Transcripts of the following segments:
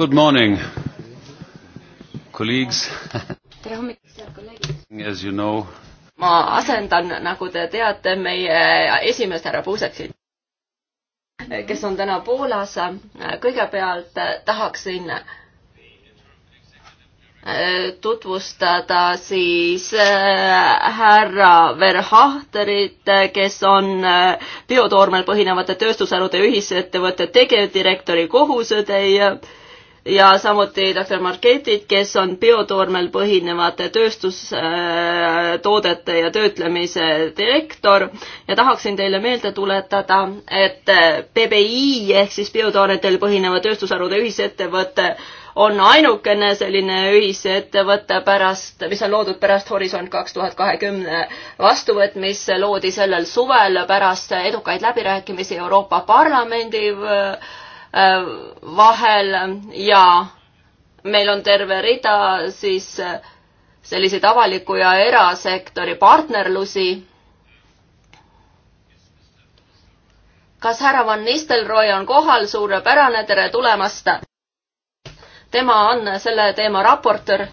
Good morning, colleagues. tere hommikust, head kolleegid. As you know. ma asendan, nagu te teate, meie esimeest härra Puuseksit, kes on täna Poolas. kõigepealt tahaksin tutvustada siis äh, härra Verhahterit, kes on äh, biotoormel põhinevate tööstusharude ühisettevõtte tegevdirektori kohusetäija ja samuti doktor Marketit, kes on biotoormel põhinevate tööstustoodete ja töötlemise direktor ja tahaksin teile meelde tuletada, et PBI ehk siis biotoonetel põhineva tööstusharude ühisettevõte on ainukene selline ühisettevõte pärast, mis on loodud pärast Horisont kaks tuhat kahekümne vastuvõtmist, loodi sellel suvel pärast edukaid läbirääkimisi Euroopa Parlamendi Äh, vahel ja meil on terve rida siis äh, selliseid avaliku ja erasektori partnerlusi. kas härra Van Nistelrooy on kohal, suurepärane, tere tulemast. tema on selle teema raportöör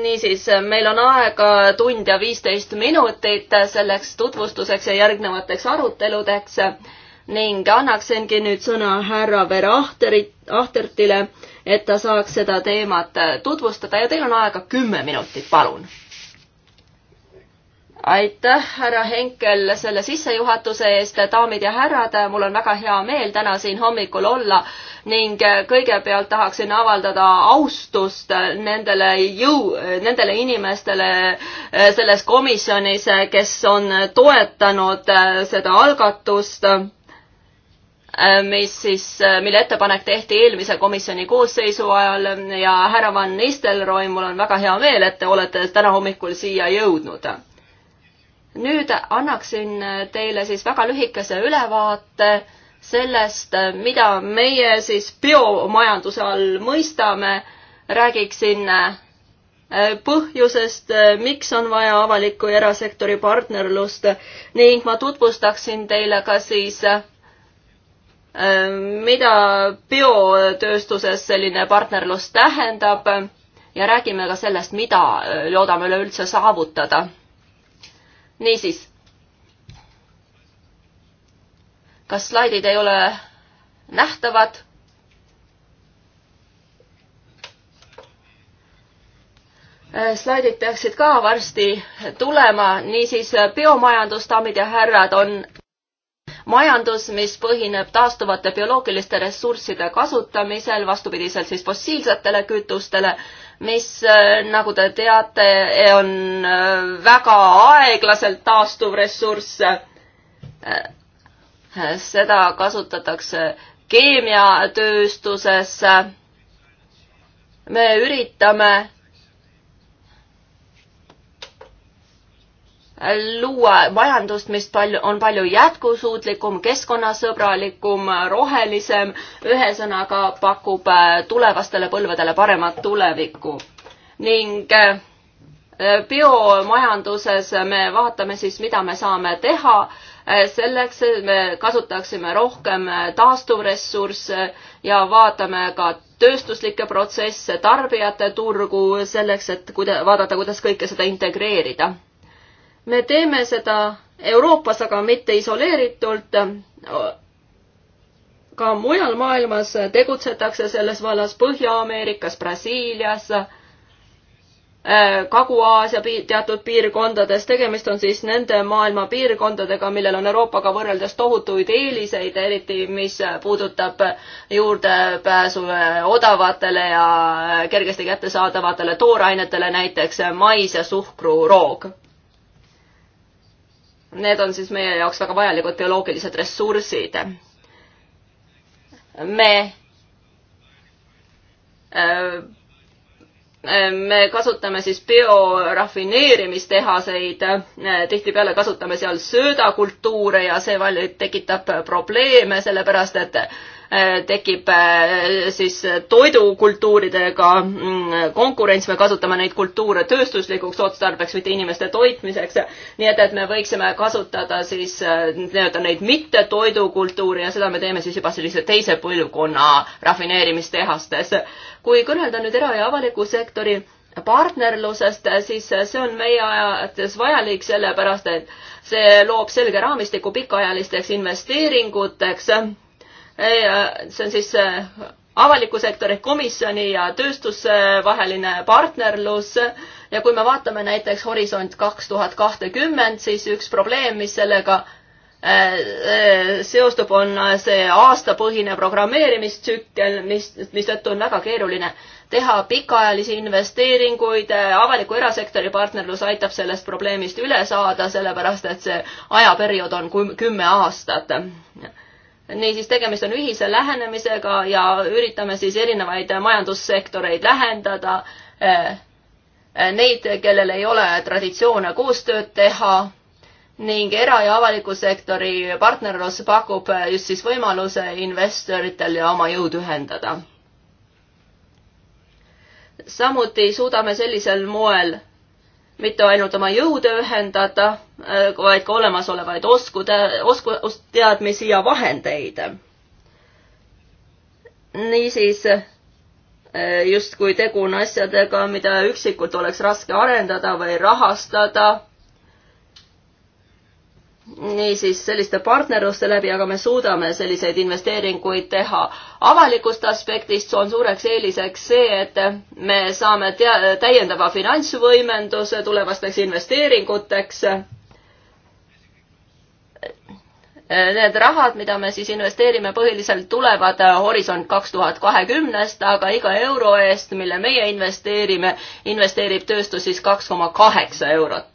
niisiis, meil on aega tund ja viisteist minutit selleks tutvustuseks ja järgnevateks aruteludeks ning annaksingi nüüd sõna härra Verahteril, Ahtertile, et ta saaks seda teemat äh, tutvustada ja teil on aega kümme minutit, palun. aitäh, härra Henkel, selle sissejuhatuse eest, daamid ja härrad, mul on väga hea meel täna siin hommikul olla ning äh, kõigepealt tahaksin avaldada austust äh, nendele jõu, nendele inimestele selles komisjonis, kes on toetanud seda algatust Äh, mis siis, äh, mille ettepanek tehti eelmise komisjoni koosseisu ajal ja härra Van Nistelrooy, mul on väga hea meel, et te olete täna hommikul siia jõudnud. nüüd annaksin teile siis väga lühikese ülevaate sellest, mida meie siis biomajanduse all mõistame, räägiksin äh, põhjusest, miks on vaja avaliku ja erasektori partnerlust ning ma tutvustaksin teile ka siis Äh, mida biotööstuses selline partnerlus tähendab ja räägime ka sellest, mida äh, loodame üleüldse saavutada. niisiis. kas slaidid ei ole nähtavad? Äh, slaidid peaksid ka varsti tulema, niisiis biomajandus, daamid ja härrad, on majandus, mis põhineb taastuvate bioloogiliste ressursside kasutamisel, vastupidiselt siis fossiilsetele kütustele, mis, äh, nagu te teate, on äh, väga aeglaselt taastuv ressurss. Äh, seda kasutatakse keemiatööstuses. me üritame luua majandust, mis palju, on palju jätkusuutlikum, keskkonnasõbralikum, rohelisem, ühesõnaga pakub äh, tulevastele põlvedele paremat tulevikku. ning äh, biomajanduses me vaatame siis, mida me saame teha äh, selleks, et me kasutaksime rohkem taastuvressursse ja vaatame ka tööstuslikke protsesse, tarbijate turgu selleks, et kuida-, vaadata, kuidas kõike seda integreerida me teeme seda Euroopas, aga mitte isoleeritult. ka mujal maailmas tegutsetakse selles vallas Põhja-Ameerikas, Brasiilias, Kagu-Aasia teatud piirkondades, tegemist on siis nende maailma piirkondadega, millel on Euroopaga võrreldes tohutuid eeliseid, eriti mis puudutab juurdepääsu odavatele ja kergesti kättesaadavatele toorainetele, näiteks mais ja suhkruroog Need on siis meie jaoks väga vajalikud bioloogilised ressursid. me äh, äh, me kasutame siis biorafineerimistehaseid, tihtipeale kasutame seal söödakultuure ja see tekitab probleeme, sellepärast et Äh, tekib äh, siis toidukultuuridega mm, konkurents, me kasutame neid kultuure tööstuslikuks otstarbeks, mitte inimeste toitmiseks. nii et, et me võiksime kasutada siis äh, nii-öelda neid mitte toidukultuuri ja seda me teeme siis juba sellise teise põlvkonna rafineerimistehastes. kui kõnelda nüüd era- ja avaliku sektori partnerlusest, siis see on meie ajates vajalik, sellepärast et see loob selge raamistiku pikaajalisteks investeeringuteks Äh, see on siis äh, avaliku sektori komisjoni ja tööstusvaheline partnerlus ja kui me vaatame näiteks Horisont kaks tuhat kahtekümmend, siis üks probleem, mis sellega äh, seostub, on see aastapõhine programmeerimistsükkel, mis, mistõttu on väga keeruline teha pikaajalisi investeeringuid, avaliku erasektori partnerlus aitab sellest probleemist üle saada, sellepärast et see ajaperiood on kümme aastat niisiis, tegemist on ühise lähenemisega ja üritame siis erinevaid majandussektoreid lähendada, eh, eh, neid, kellel ei ole traditsioone koostööd teha ning era- ja avaliku sektori partnerlus pakub just siis võimaluse investoritel ja oma jõud ühendada. samuti suudame sellisel moel mitte ainult oma jõude ühendada, vaid ka olemasolevaid oskude, oskusteadmisi ja vahendeid. niisiis eh, justkui tegu on asjadega, mida üksikult oleks raske arendada või rahastada niisiis selliste partnerluste läbi, aga me suudame selliseid investeeringuid teha. avalikust aspektist on suureks eeliseks see, et me saame tea-, täiendava finantsvõimenduse tulevasteks investeeringuteks. Need rahad, mida me siis investeerime, põhiliselt tulevad Horisont kaks tuhat kahekümnest, aga iga euro eest, mille meie investeerime, investeerib tööstus siis kaks koma kaheksa eurot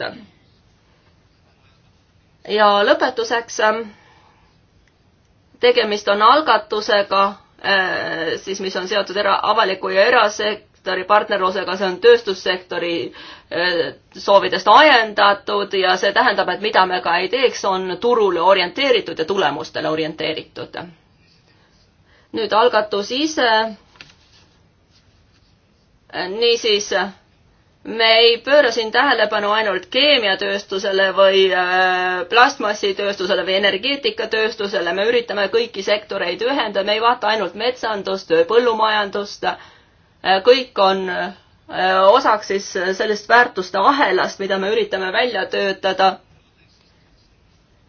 ja lõpetuseks, ähm, tegemist on algatusega, äh, siis mis on seotud era, avaliku ja erasektori partnerlusega, see on tööstussektori äh, soovidest ajendatud ja see tähendab, et mida me ka ei teeks, on turule orienteeritud ja tulemustele orienteeritud. nüüd algatus ise. niisiis me ei pööra siin tähelepanu ainult keemiatööstusele või äh, plastmassitööstusele või energeetikatööstusele, me üritame kõiki sektoreid ühendada, me ei vaata ainult metsandust või põllumajandust. Äh, kõik on äh, osaks siis sellest väärtuste ahelast, mida me üritame välja töötada.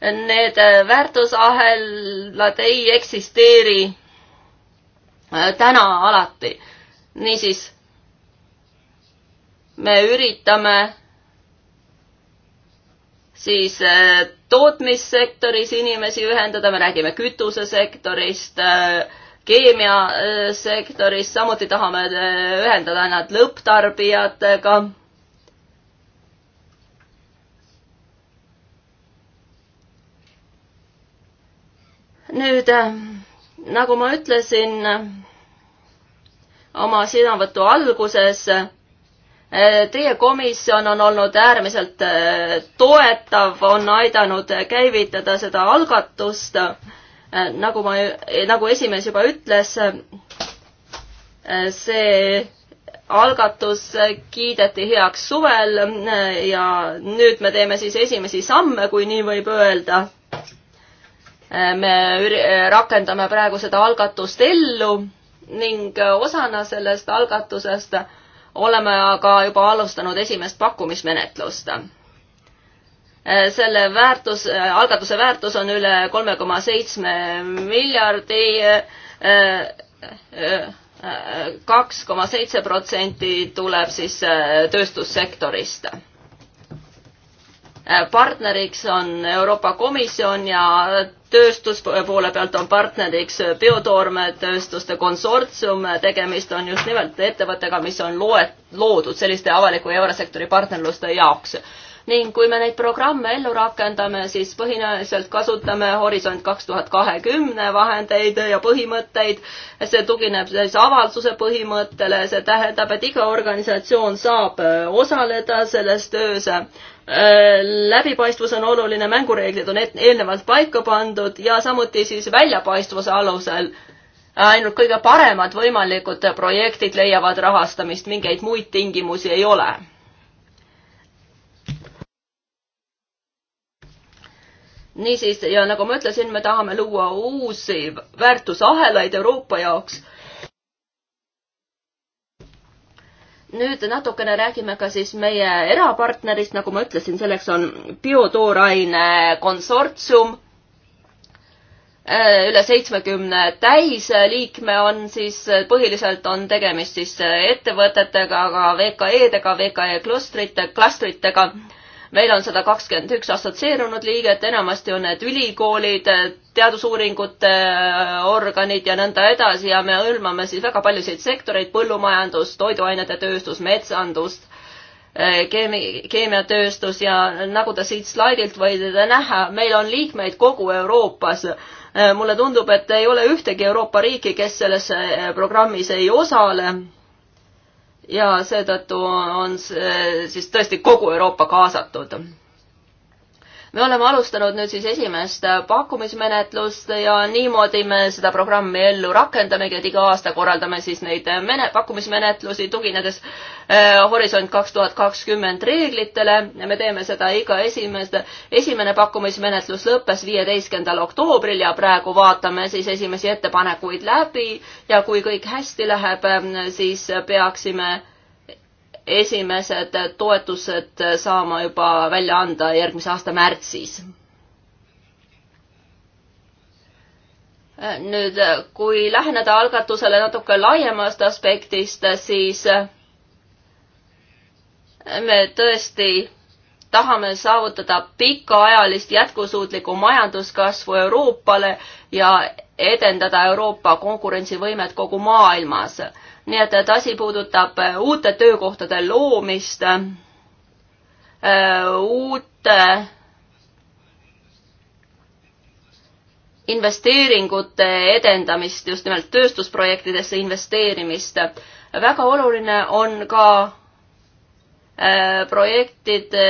Need väärtusahelad ei eksisteeri täna alati. niisiis me üritame siis äh, tootmissektoris inimesi ühendada, me räägime kütusesektorist, äh, keemiasektorist, samuti tahame äh, ühendada nad lõpptarbijatega. nüüd nagu ma ütlesin oma sõnavõtu alguses Teie komisjon on olnud äärmiselt äh, toetav, on aidanud käivitada seda algatust. Äh, nagu ma, eh, nagu esimees juba ütles, äh, see algatus kiideti heaks suvel ja nüüd me teeme siis esimesi samme, kui nii võib öelda. me rakendame praegu seda algatust ellu ning osana sellest algatusest oleme aga juba alustanud esimest pakkumismenetlust äh, selle väärtus, äh, algatuse väärtus on üle kolme koma seitsme miljardi, äh, kaks koma seitse protsenti tuleb siis tööstussektorist. partneriks on Euroopa Komisjon ja tööstus poole pealt on partneriks biotoormetööstuste konsortsium, tegemist on just nimelt ettevõttega, mis on loet-, loodud selliste avaliku ja erasektori partnerluste jaoks. ning kui me neid programme ellu rakendame, siis põhinäoliselt kasutame Horisont kaks tuhat kahekümne vahendeid ja põhimõtteid. see tugineb siis avalduse põhimõttele, see tähendab, et iga organisatsioon saab osaleda selles töös Äh, läbipaistvus on oluline, mängureeglid on eelnevalt paika pandud ja samuti siis väljapaistvuse alusel ainult kõige paremad võimalikud projektid leiavad rahastamist, mingeid muid tingimusi ei ole. niisiis, ja nagu ma ütlesin, me tahame luua uusi väärtusahelaid Euroopa jaoks nüüd natukene räägime ka siis meie erapartnerist, nagu ma ütlesin, selleks on biotooraine konsortsium. Äh, üle seitsmekümne täisliikme on siis, põhiliselt on tegemist siis ettevõtetega, aga VKE-dega, VKE klustritega, klastritega, klastritega meil on sada kakskümmend üks assotsieerunud liiget, enamasti on need ülikoolid, teadusuuringute äh, organid ja nõnda edasi ja me hõlmame siis väga paljusid sektoreid, põllumajandus, toiduainete tööstus, metsandust, äh, keemi-, keemiatööstus ja nagu te siit slaidilt võite näha, meil on liikmeid kogu Euroopas. Äh, mulle tundub, et ei ole ühtegi Euroopa riiki, kes selles programmis ei osale ja seetõttu on see siis tõesti kogu Euroopa kaasatud me oleme alustanud nüüd siis esimest äh, pakkumismenetlust ja niimoodi me seda programmi ellu rakendamegi, et iga aasta korraldame siis neid äh, mene-, pakkumismenetlusi, tuginedes eh, Horisont kaks tuhat kakskümmend reeglitele ja me teeme seda iga esimest, esimene pakkumismenetlus lõppes viieteistkümnendal oktoobril ja praegu vaatame siis esimesi ettepanekuid läbi ja kui kõik hästi läheb, siis peaksime esimesed toetused saama juba välja anda järgmise aasta märtsis. nüüd, kui läheneda algatusele natuke laiemast aspektist, siis me tõesti tahame saavutada pikaajalist jätkusuutlikku majanduskasvu Euroopale ja edendada Euroopa konkurentsivõimet kogu maailmas nii et, et asi puudutab äh, uute töökohtade loomist, äh, uute investeeringute edendamist, just nimelt tööstusprojektidesse investeerimist. väga oluline on ka äh, projektide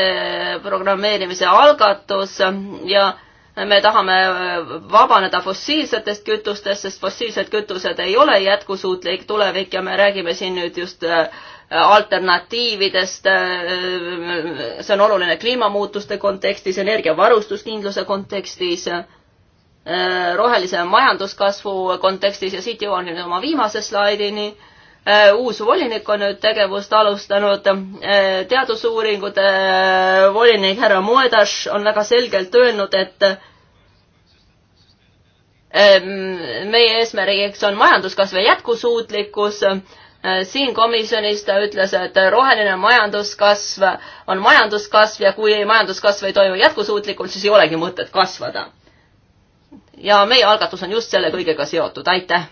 programmeerimise algatus ja me tahame äh, vabaneda fossiilsetest kütustest, sest fossiilsed kütused ei ole jätkusuutlik tulevik ja me räägime siin nüüd just äh, alternatiividest, äh, see on oluline kliimamuutuste kontekstis, energiavarustuskindluse kontekstis, rohelise majanduskasvu kontekstis ja siit jõuan nüüd oma viimase slaidini Äh, uus volinik on nüüd tegevust alustanud. Äh, teadusuuringute äh, volinik härra Moedas on väga selgelt öelnud, et ähm, meie eesmärgiks on majanduskasv ja jätkusuutlikkus. siin komisjonis ta ütles, et roheline majanduskasv on majanduskasv ja kui majanduskasv ei toimu jätkusuutlikult, siis ei olegi mõtet kasvada. ja meie algatus on just selle kõigega seotud, aitäh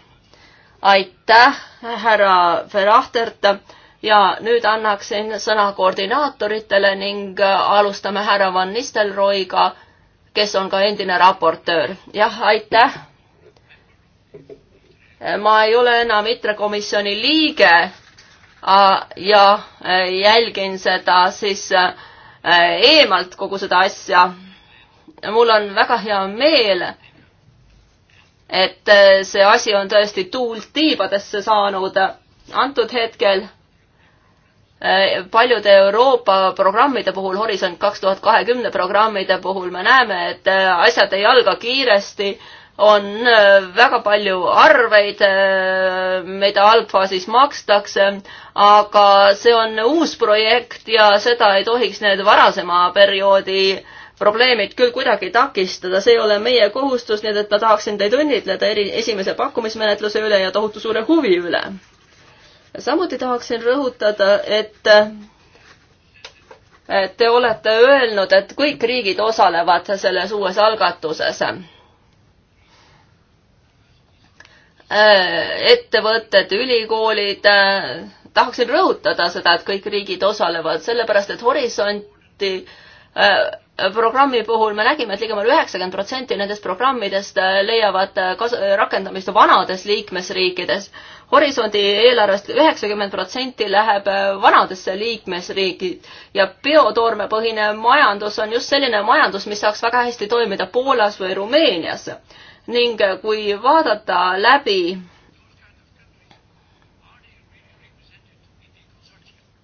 aitäh, härra Verahtert ja nüüd annaksin sõna koordinaatoritele ning äh, alustame härra Van Nistelrooiga, kes on ka endine raportöör. jah, aitäh. ma ei ole enam ITRE komisjoni liige äh, ja äh, jälgin seda siis eemalt kogu seda asja. mul on väga hea meel et äh, see asi on tõesti tuult tiibadesse saanud. antud hetkel äh, paljude Euroopa programmide puhul, Horisont kaks tuhat kahekümne programmide puhul me näeme, et äh, asjad ei alga kiiresti, on väga palju arveid, mida algfaasis makstakse, aga see on uus projekt ja seda ei tohiks need varasema perioodi äh, probleemid küll kuidagi takistada, see ei ole meie kohustus, nii et ma tahaksin teid õnnitleda eri, esimese pakkumismenetluse üle ja tohutu suure huvi üle. samuti tahaksin rõhutada, et te olete öelnud, et kõik riigid osalevad selles uues algatuses ettevõtted, ülikoolid, tahaksin rõhutada seda, et kõik riigid osalevad, sellepärast et horisonti Äh, programmi puhul me nägime et, et ligemale üheksakümmend protsenti nendest programmidest äh, leiavad äh, kas-, rakendamist vanades liikmesriikides. Horisondi eelarvest üheksakümmend protsenti läheb vanadesse liikmesriigid ja biotoormepõhine majandus on just selline majandus, mis saaks väga hästi toimida Poolas või Rumeenias. ning kui vaadata läbi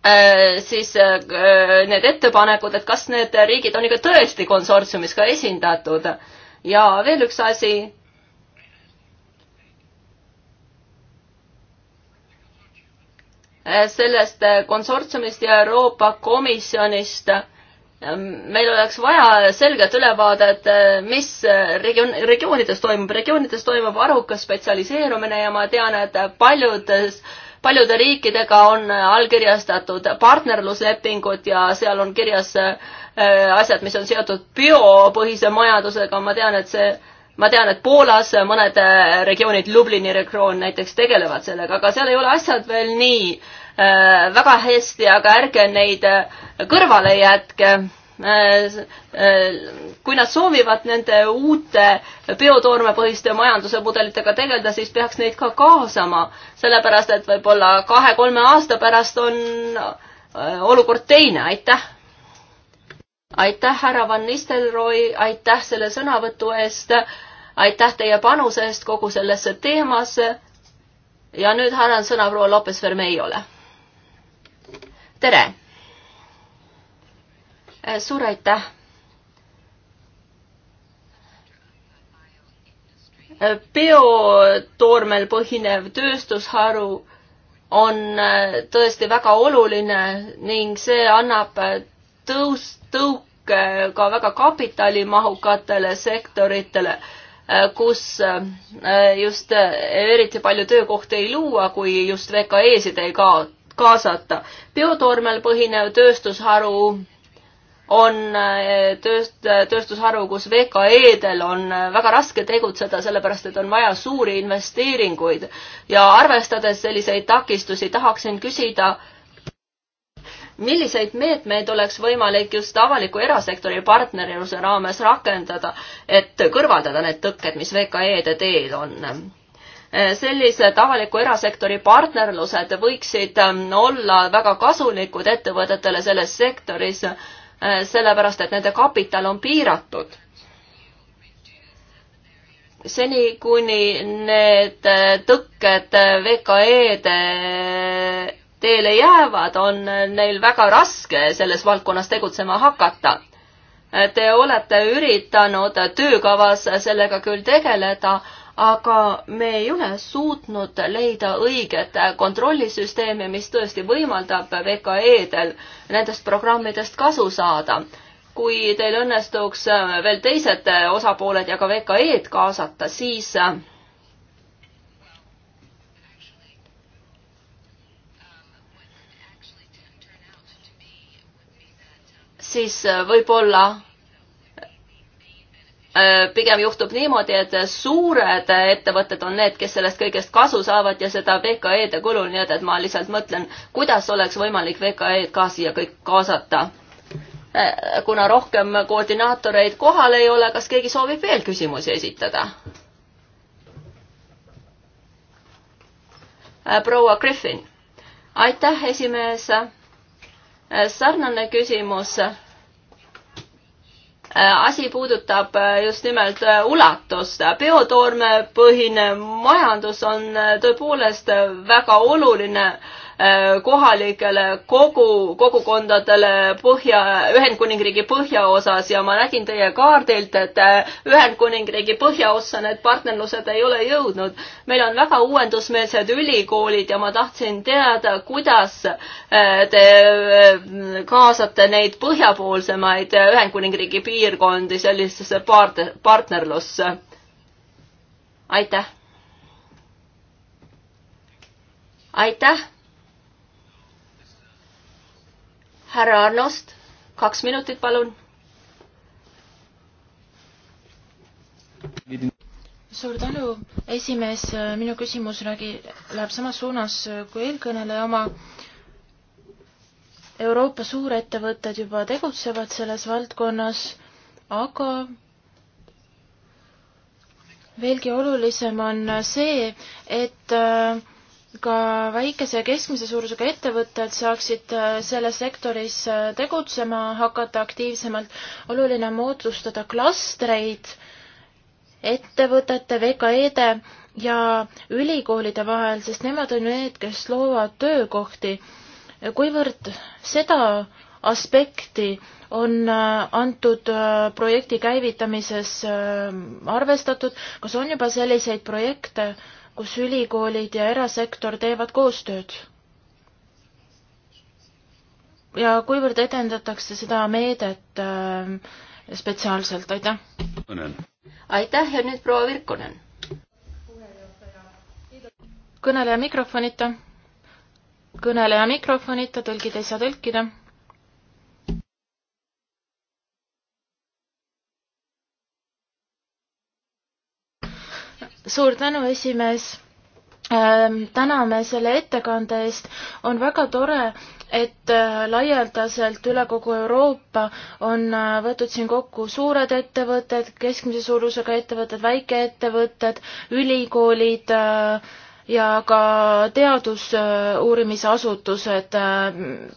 Äh, siis äh, äh, need ettepanekud, et kas need riigid on ikka tõesti konsortsiumis ka esindatud. ja veel üks asi. sellest konsortsiumist ja Euroopa Komisjonist meil oleks vaja selget ülevaadet, mis regioon, regioonides toimub. regioonides toimub arukas spetsialiseerumine ja ma tean, et paljudes äh, paljude riikidega on allkirjastatud partnerluslepingud ja seal on kirjas äh, asjad, mis on seotud biopõhise majandusega, ma tean, et see ma tean, et Poolas mõned äh, regioonid, Lublini regioon näiteks tegelevad sellega, aga seal ei ole asjad veel nii äh, väga hästi, aga ärge neid äh, kõrvale jätke Äh, äh, kui nad soovivad nende uute biotoormepõhiste majanduse mudelitega tegeleda, siis peaks neid ka kaasama, sellepärast et võib-olla kahe-kolme aasta pärast on äh, olukord teine, aitäh. aitäh, härra Van Nistelrooy, aitäh selle sõnavõtu eest, aitäh teie panuse eest kogu sellesse teemasse. ja nüüd annan sõna proua Lopes-Vermeiole. tere Äh, suur aitäh! Äh, biotoormel põhinev tööstusharu on äh, tõesti väga oluline ning see annab tõus, tõuke ka väga kapitalimahukatele sektoritele, kus just eriti palju töökohti ei luua, kui just VKE-sid ei ka, kaasata. biotoormel põhinev tööstusharu on eh, tööst-, tööstusharu, kus VKE-del on eh, väga raske tegutseda, sellepärast et on vaja suuri investeeringuid. ja arvestades selliseid takistusi, tahaksin küsida, milliseid meetmeid oleks võimalik just avaliku erasektori partnerluse raames rakendada, et kõrvaldada need tõkked, mis VKE-de teel on? Eh, sellised avaliku erasektori partnerlused võiksid olla väga kasulikud ettevõtetele selles sektoris Äh, sellepärast et nende kapital on piiratud. seni, kuni need äh, tõkked äh, VKE-de teele jäävad, on neil väga raske selles valdkonnas tegutsema hakata. Te olete üritanud töökavas sellega küll tegeleda, aga me ei ole suutnud leida õiget kontrollisüsteemi, mis tõesti võimaldab VKE-del nendest programmidest kasu saada. kui teil õnnestuks veel teised osapooled ja ka VKE-d kaasata, siis siis võib-olla Äh, pigem juhtub niimoodi, et suured ettevõtted on need, kes sellest kõigest kasu saavad ja seda VKE-de kulul, nii et, et ma lihtsalt mõtlen, kuidas oleks võimalik VKE-d ka siia kõik kaasata. Äh, kuna rohkem koordinaatoreid kohal ei ole, kas keegi soovib veel küsimusi esitada? Äh, proua Griffin, aitäh, esimees. sarnane küsimus Äh, asi puudutab äh, just nimelt äh, ulatust. biotoormepõhine majandus on tõepoolest väga oluline äh, Äh, kohalikele kogu, kogukondadele põhja, Ühendkuningriigi põhjaosas ja ma nägin teie kaardilt, et äh, Ühendkuningriigi põhjaossa need partnerlused ei ole jõudnud. meil on väga uuendusmeelsed ülikoolid ja ma tahtsin teada, kuidas äh, te kaasate neid põhjapoolsemaid Ühendkuningriigi piirkondi sellisesse part-, partnerlusse. aitäh! aitäh! härra Arnost, kaks minutit, palun. suur tänu, esimees, minu küsimus räägi, läheb samas suunas kui eelkõneleja oma. Euroopa suurettevõtted juba tegutsevad selles valdkonnas, aga veelgi olulisem on see, et äh, ka väikese ja keskmise suurusega ettevõtted saaksid äh, selles sektoris äh, tegutsema hakata aktiivsemalt. oluline on moodustada klastreid ettevõtete, VKE-de ja ülikoolide vahel, sest nemad on ju need, kes loovad töökohti. kuivõrd seda aspekti on äh, antud projekti käivitamises arvestatud, kas on juba selliseid projekte, kus ülikoolid ja erasektor teevad koostööd. ja kuivõrd edendatakse seda meedet äh, spetsiaalselt, aitäh! aitäh ja nüüd proua Virkonen. kõneleja mikrofonita. kõneleja mikrofonita, tõlgid ei saa tõlkida suur tänu, esimees ähm, täname selle ettekande eest, on väga tore, et äh, laialdaselt üle kogu Euroopa on äh, võetud siin kokku suured ettevõtted, keskmise suurusega ettevõtted, väikeettevõtted, ülikoolid äh,, ja ka teadusuurimisasutused äh,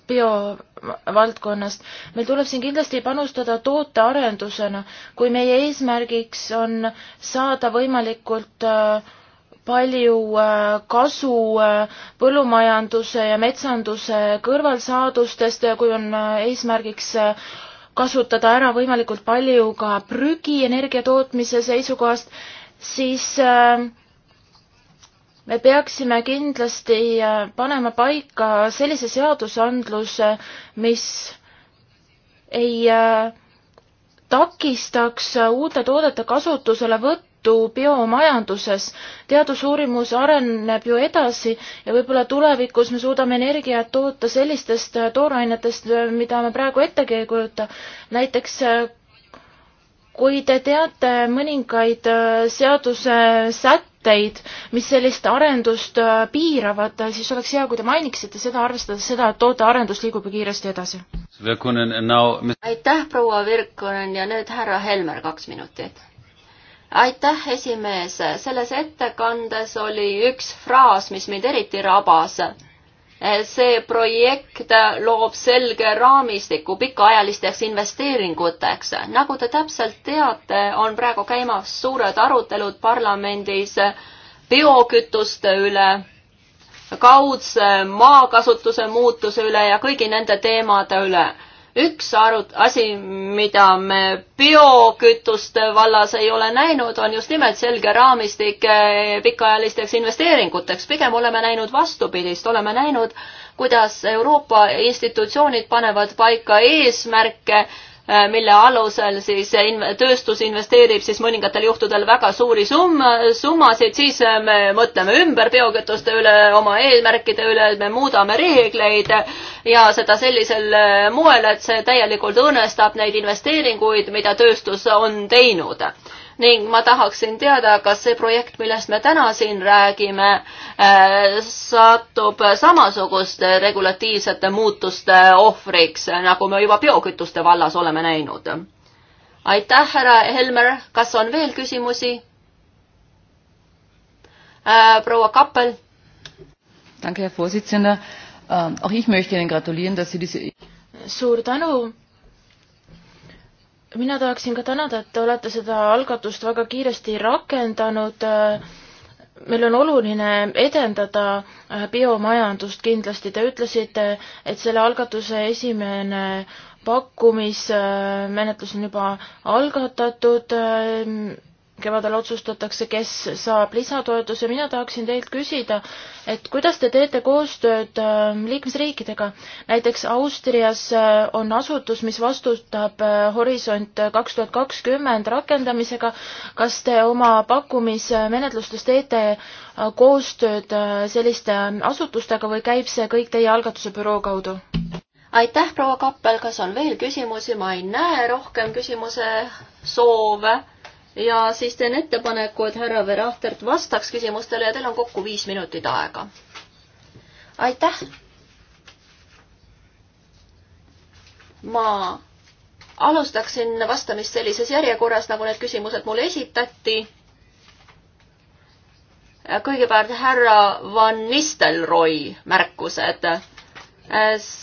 biovaldkonnast. meil tuleb siin kindlasti panustada tootearendusena, kui meie eesmärgiks on saada võimalikult äh, palju äh, kasu põllumajanduse ja metsanduse kõrvalsaadustest, kui on eesmärgiks kasutada ära võimalikult palju ka prügi energia tootmise seisukohast, siis äh, me peaksime kindlasti äh, panema paika sellise seadusandluse, mis ei äh, takistaks äh, uute toodete kasutuselevõttu biomajanduses. teadusuurimus areneb ju edasi ja võib-olla tulevikus me suudame energiat toota sellistest toorainetest, mida me praegu ettegi ei kujuta. näiteks kui te teate mõningaid äh, seadusesätteid, mis sellist arendust äh, piiravad, äh, siis oleks hea, kui te mainiksite seda, arvestades seda, et tootearendus liigub ju kiiresti edasi. aitäh, proua Virkonen ja nüüd härra Helmer, kaks minutit. aitäh, esimees, selles ettekandes oli üks fraas, mis mind eriti rabas see projekt loob selge raamistiku pikaajalisteks investeeringuteks. nagu te täpselt teate, on praegu käimas suured arutelud parlamendis biokütuste üle, kaudse maakasutuse muutuse üle ja kõigi nende teemade üle üks arut-, asi, mida me biokütuste vallas ei ole näinud, on just nimelt selge raamistik eh, pikaajalisteks investeeringuteks. pigem oleme näinud vastupidist, oleme näinud, kuidas Euroopa institutsioonid panevad paika eesmärke Äh, mille alusel siis tööstus investeerib siis mõningatel juhtudel väga suuri summa, summasid, siis äh, me mõtleme ümber biokütuste üle, oma eesmärkide üle, me muudame reegleid ja seda sellisel äh, moel, et see täielikult õõnestab neid investeeringuid, mida tööstus on teinud ning ma tahaksin teada, kas see projekt, millest me täna siin räägime, äh, satub samasuguste regulatiivsete muutuste ohvriks, nagu me juba biokütuste vallas oleme näinud. aitäh, härra Helmer, kas on veel küsimusi? Äh, proua Kappel. Danke, Herr Vorsitzender. Ähm, auch ich möchte Ihnen gratulieren, dass Sie diese suur tänu mina tahaksin ka tänada, et te olete seda algatust väga kiiresti rakendanud. meil on oluline edendada biomajandust kindlasti. Te ütlesite, et selle algatuse esimene pakkumismenetlus on juba algatatud kevadel otsustatakse, kes saab lisatoetuse, mina tahaksin teilt küsida, et kuidas te teete koostööd ähm, liikmesriikidega? näiteks Austrias äh, on asutus, mis vastutab äh, Horisont kaks tuhat kakskümmend rakendamisega. kas te oma pakkumismenetlustes teete äh, koostööd selliste ähm, asutustega või käib see kõik teie algatuse büroo kaudu? aitäh, proua Kappel, kas on veel küsimusi, ma ei näe rohkem küsimuse soove ja siis teen ettepaneku, et härra Verahtert vastaks küsimustele ja teil on kokku viis minutit aega. aitäh. ma alustaksin vastamist sellises järjekorras, nagu need küsimused mulle esitati. kõigepealt härra Van Nistelrooy märkused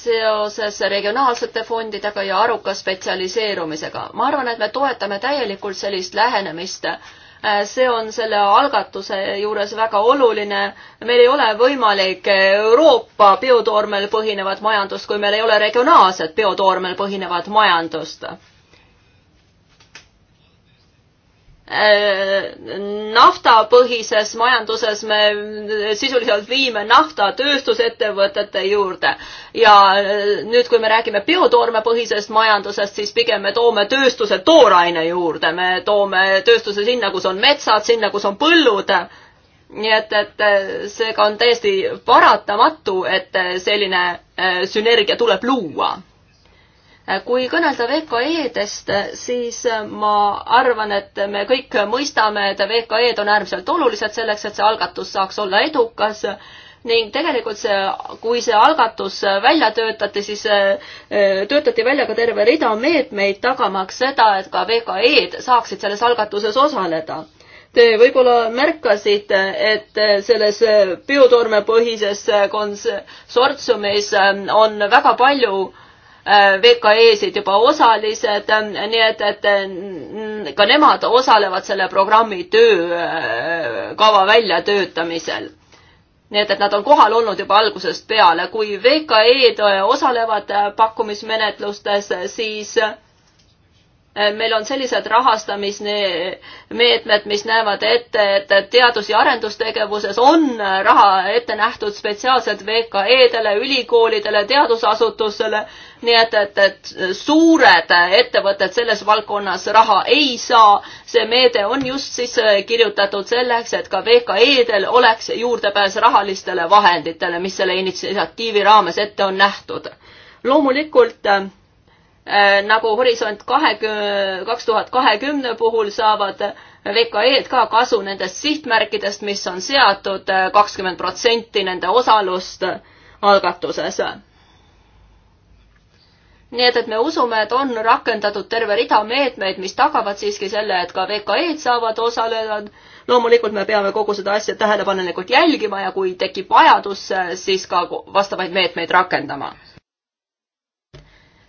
seoses regionaalsete fondidega ja aruka spetsialiseerumisega. ma arvan, et me toetame täielikult sellist lähenemist. see on selle algatuse juures väga oluline. meil ei ole võimalik Euroopa biotoormel põhinevat majandust, kui meil ei ole regionaalset biotoormel põhinevat majandust Äh, naftapõhises majanduses me sisuliselt viime nafta tööstusettevõtete juurde ja äh, nüüd, kui me räägime biotoormepõhisest majandusest, siis pigem me toome tööstuse tooraine juurde, me toome tööstuse sinna, kus on metsad, sinna, kus on põllud. nii et, et äh, seega on täiesti paratamatu, et selline sünergia tuleb luua kui kõnelda VKE-dest, siis ma arvan, et me kõik mõistame, et VKE-d on äärmiselt olulised selleks, et see algatus saaks olla edukas ning tegelikult see, kui see algatus välja töötati, siis eh, töötati välja ka terve rida meetmeid, tagamaks seda, et ka VKE-d saaksid selles algatuses osaleda. Te võib-olla märkasite, et selles biotormepõhises konsortsiumis eh, on väga palju Äh, VKE-sid juba osalised, nii et, et mm, ka nemad osalevad selle programmi töökava äh, väljatöötamisel. nii et, et nad on kohal olnud juba algusest peale, kui VKE-d äh, osalevad pakkumismenetlustes, siis äh, Äh, meil on sellised rahastamismeetmed, mis näevad ette, et teadus- ja arendustegevuses on äh, raha ette nähtud spetsiaalselt VKE-dele, ülikoolidele, teadusasutustele, nii et, et, et suured ettevõtted selles valdkonnas raha ei saa. see meede on just siis äh, kirjutatud selleks, et ka VKE-del oleks juurdepääs rahalistele vahenditele, mis selle initsiatiivi raames ette on nähtud. loomulikult äh, Äh, nagu Horisont kahekümne, kaks tuhat kahekümne puhul saavad VKE-d ka kasu nendest sihtmärkidest, mis on seatud, äh, kakskümmend protsenti nende osalust äh, algatuses. nii et, et me usume, et on rakendatud terve rida meetmeid, mis tagavad siiski selle, et ka VKE-d saavad osaleda. loomulikult me peame kogu seda asja tähelepanelikult jälgima ja kui tekib vajadus, siis ka vastavaid meetmeid rakendama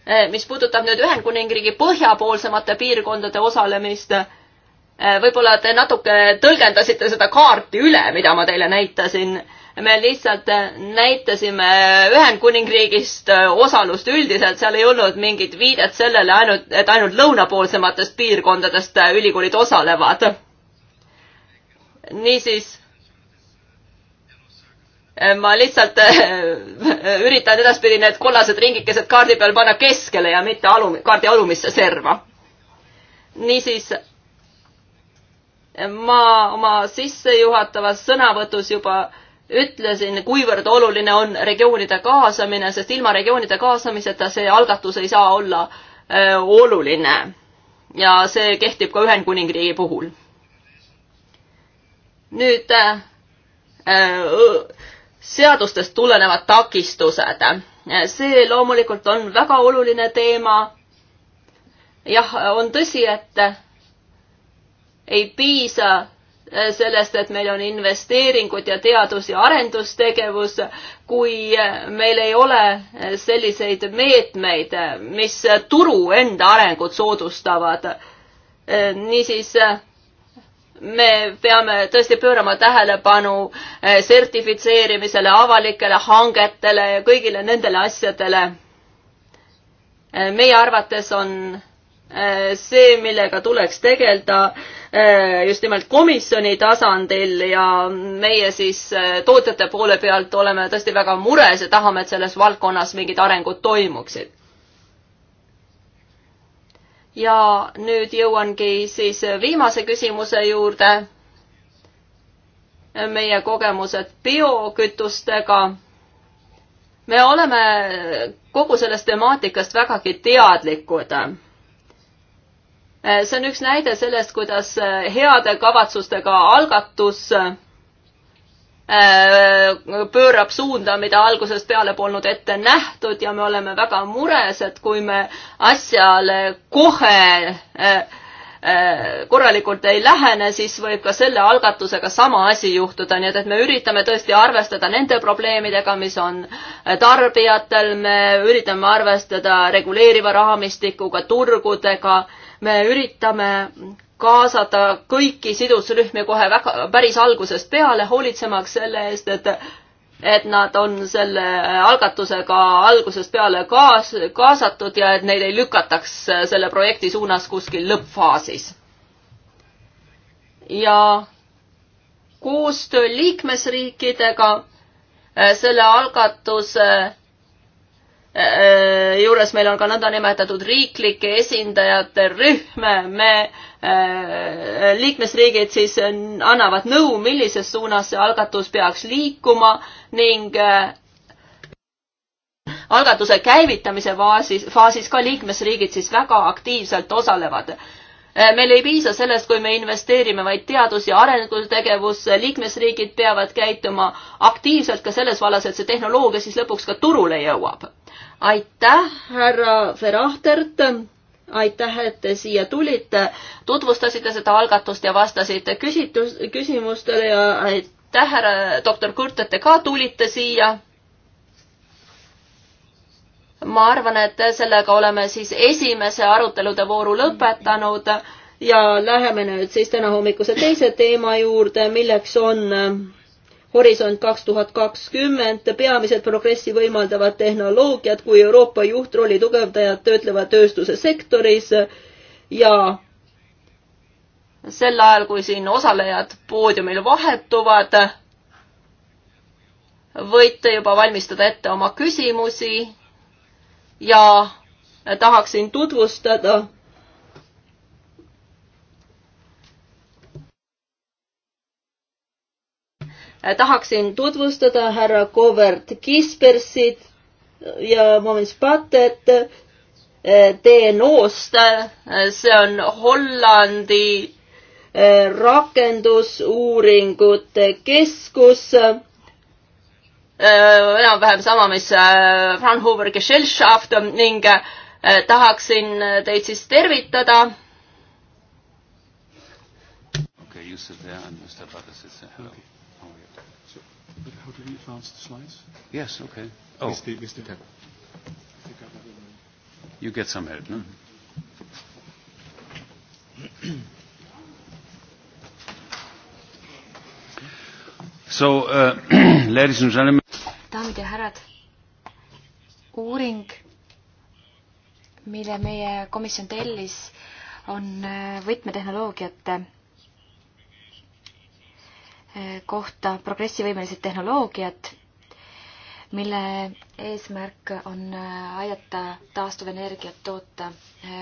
Eh, mis puudutab nüüd Ühendkuningriigi põhjapoolsemate piirkondade osalemist, eh, võib-olla te natuke tõlgendasite seda kaarti üle, mida ma teile näitasin. me lihtsalt eh, näitasime Ühendkuningriigist osalust üldiselt, seal ei olnud mingit viidet sellele ainult, et ainult lõunapoolsematest piirkondadest ülikoolid osalevad. niisiis ma lihtsalt äh, üritan edaspidi need kollased ringikesed kaardi peal panna keskele ja mitte alum-, kaardi alumisse serva. niisiis, ma oma sissejuhatavas sõnavõtus juba ütlesin, kuivõrd oluline on regioonide kaasamine, sest ilma regioonide kaasamiseta see algatus ei saa olla öö, äh, oluline. ja see kehtib ka Ühendkuningriigi puhul. nüüd öö, äh, seadustest tulenevad takistused. see loomulikult on väga oluline teema. jah, on tõsi, et ei piisa sellest, et meil on investeeringud ja teadus- ja arendustegevus, kui meil ei ole selliseid meetmeid, mis turu enda arengut soodustavad. niisiis me peame tõesti pöörama tähelepanu eh, sertifitseerimisele, avalikele hangetele ja kõigile nendele asjadele. Eh, meie arvates on eh, see, millega tuleks tegeleda just nimelt komisjoni tasandil ja meie siis tootjate poole pealt oleme tõesti väga mures ja tahame, et selles valdkonnas mingid arengud toimuksid ja nüüd jõuangi siis viimase küsimuse juurde. meie kogemused biokütustega. me oleme kogu sellest temaatikast vägagi teadlikud. see on üks näide sellest, kuidas heade kavatsustega algatus Äh, pöörab suunda, mida algusest peale polnud ette nähtud ja me oleme väga mures, et kui me asjale kohe äh, äh, korralikult ei lähene, siis võib ka selle algatusega sama asi juhtuda, nii et, et me üritame tõesti arvestada nende probleemidega, mis on tarbijatel, me üritame arvestada reguleeriva raamistikuga, turgudega, me üritame kaasata kõiki sidusrühmi kohe väga, päris algusest peale, hoolitsemaks selle eest, et et nad on selle algatusega algusest peale kaas-, kaasatud ja et neid ei lükataks selle projekti suunas kuskil lõppfaasis. ja koostöö liikmesriikidega äh, selle algatuse Äh, juures meil on ka nõndanimetatud riiklike esindajate rühm, me äh, liikmesriigid siis annavad nõu, millises suunas see algatus peaks liikuma ning äh, algatuse käivitamise faasis, faasis ka liikmesriigid siis väga aktiivselt osalevad meil ei piisa sellest, kui me investeerime vaid teadus- ja arendustegevusse, liikmesriigid peavad käituma aktiivselt ka selles vallas, et see tehnoloogia siis lõpuks ka turule jõuab aitäh, härra Verahtert, aitäh, et te siia tulite, tutvustasite seda algatust ja vastasite küsitus, küsimustele ja aitäh, härra doktor Kurt, et te ka tulite siia. ma arvan, et sellega oleme siis esimese arutelude vooru lõpetanud ja läheme nüüd siis tänahommikuse teise teema juurde, milleks on Horisont kaks tuhat kakskümmend, peamised progressi võimaldavad tehnoloogiad kui Euroopa juhtrolli tugevdajad töötleva tööstuse sektoris ja sel ajal, kui siin osalejad poodiumil vahetuvad, võite juba valmistada ette oma küsimusi ja tahaksin tutvustada Äh, tahaksin tutvustada härra Covert Kispersit ja Moments Patet DNO-st, äh, äh, see on Hollandi rakendusuuringute keskus enam-vähem sama, mis Fraunhofer Gesellschaft ning tahaksin teid siis tervitada. okei okay,, just see, Mr Patas, et see, hello okay advance the slides? Yes, okay. Oh, Mr. Mr. Tab. You get some help, no? So, uh, ladies and gentlemen. daamid ja härrad, uuring, mille meie komisjon tellis, on äh, võtmetehnoloogiate kohta progressivõimelised tehnoloogiad, mille eesmärk on aidata taastuvenergiat toota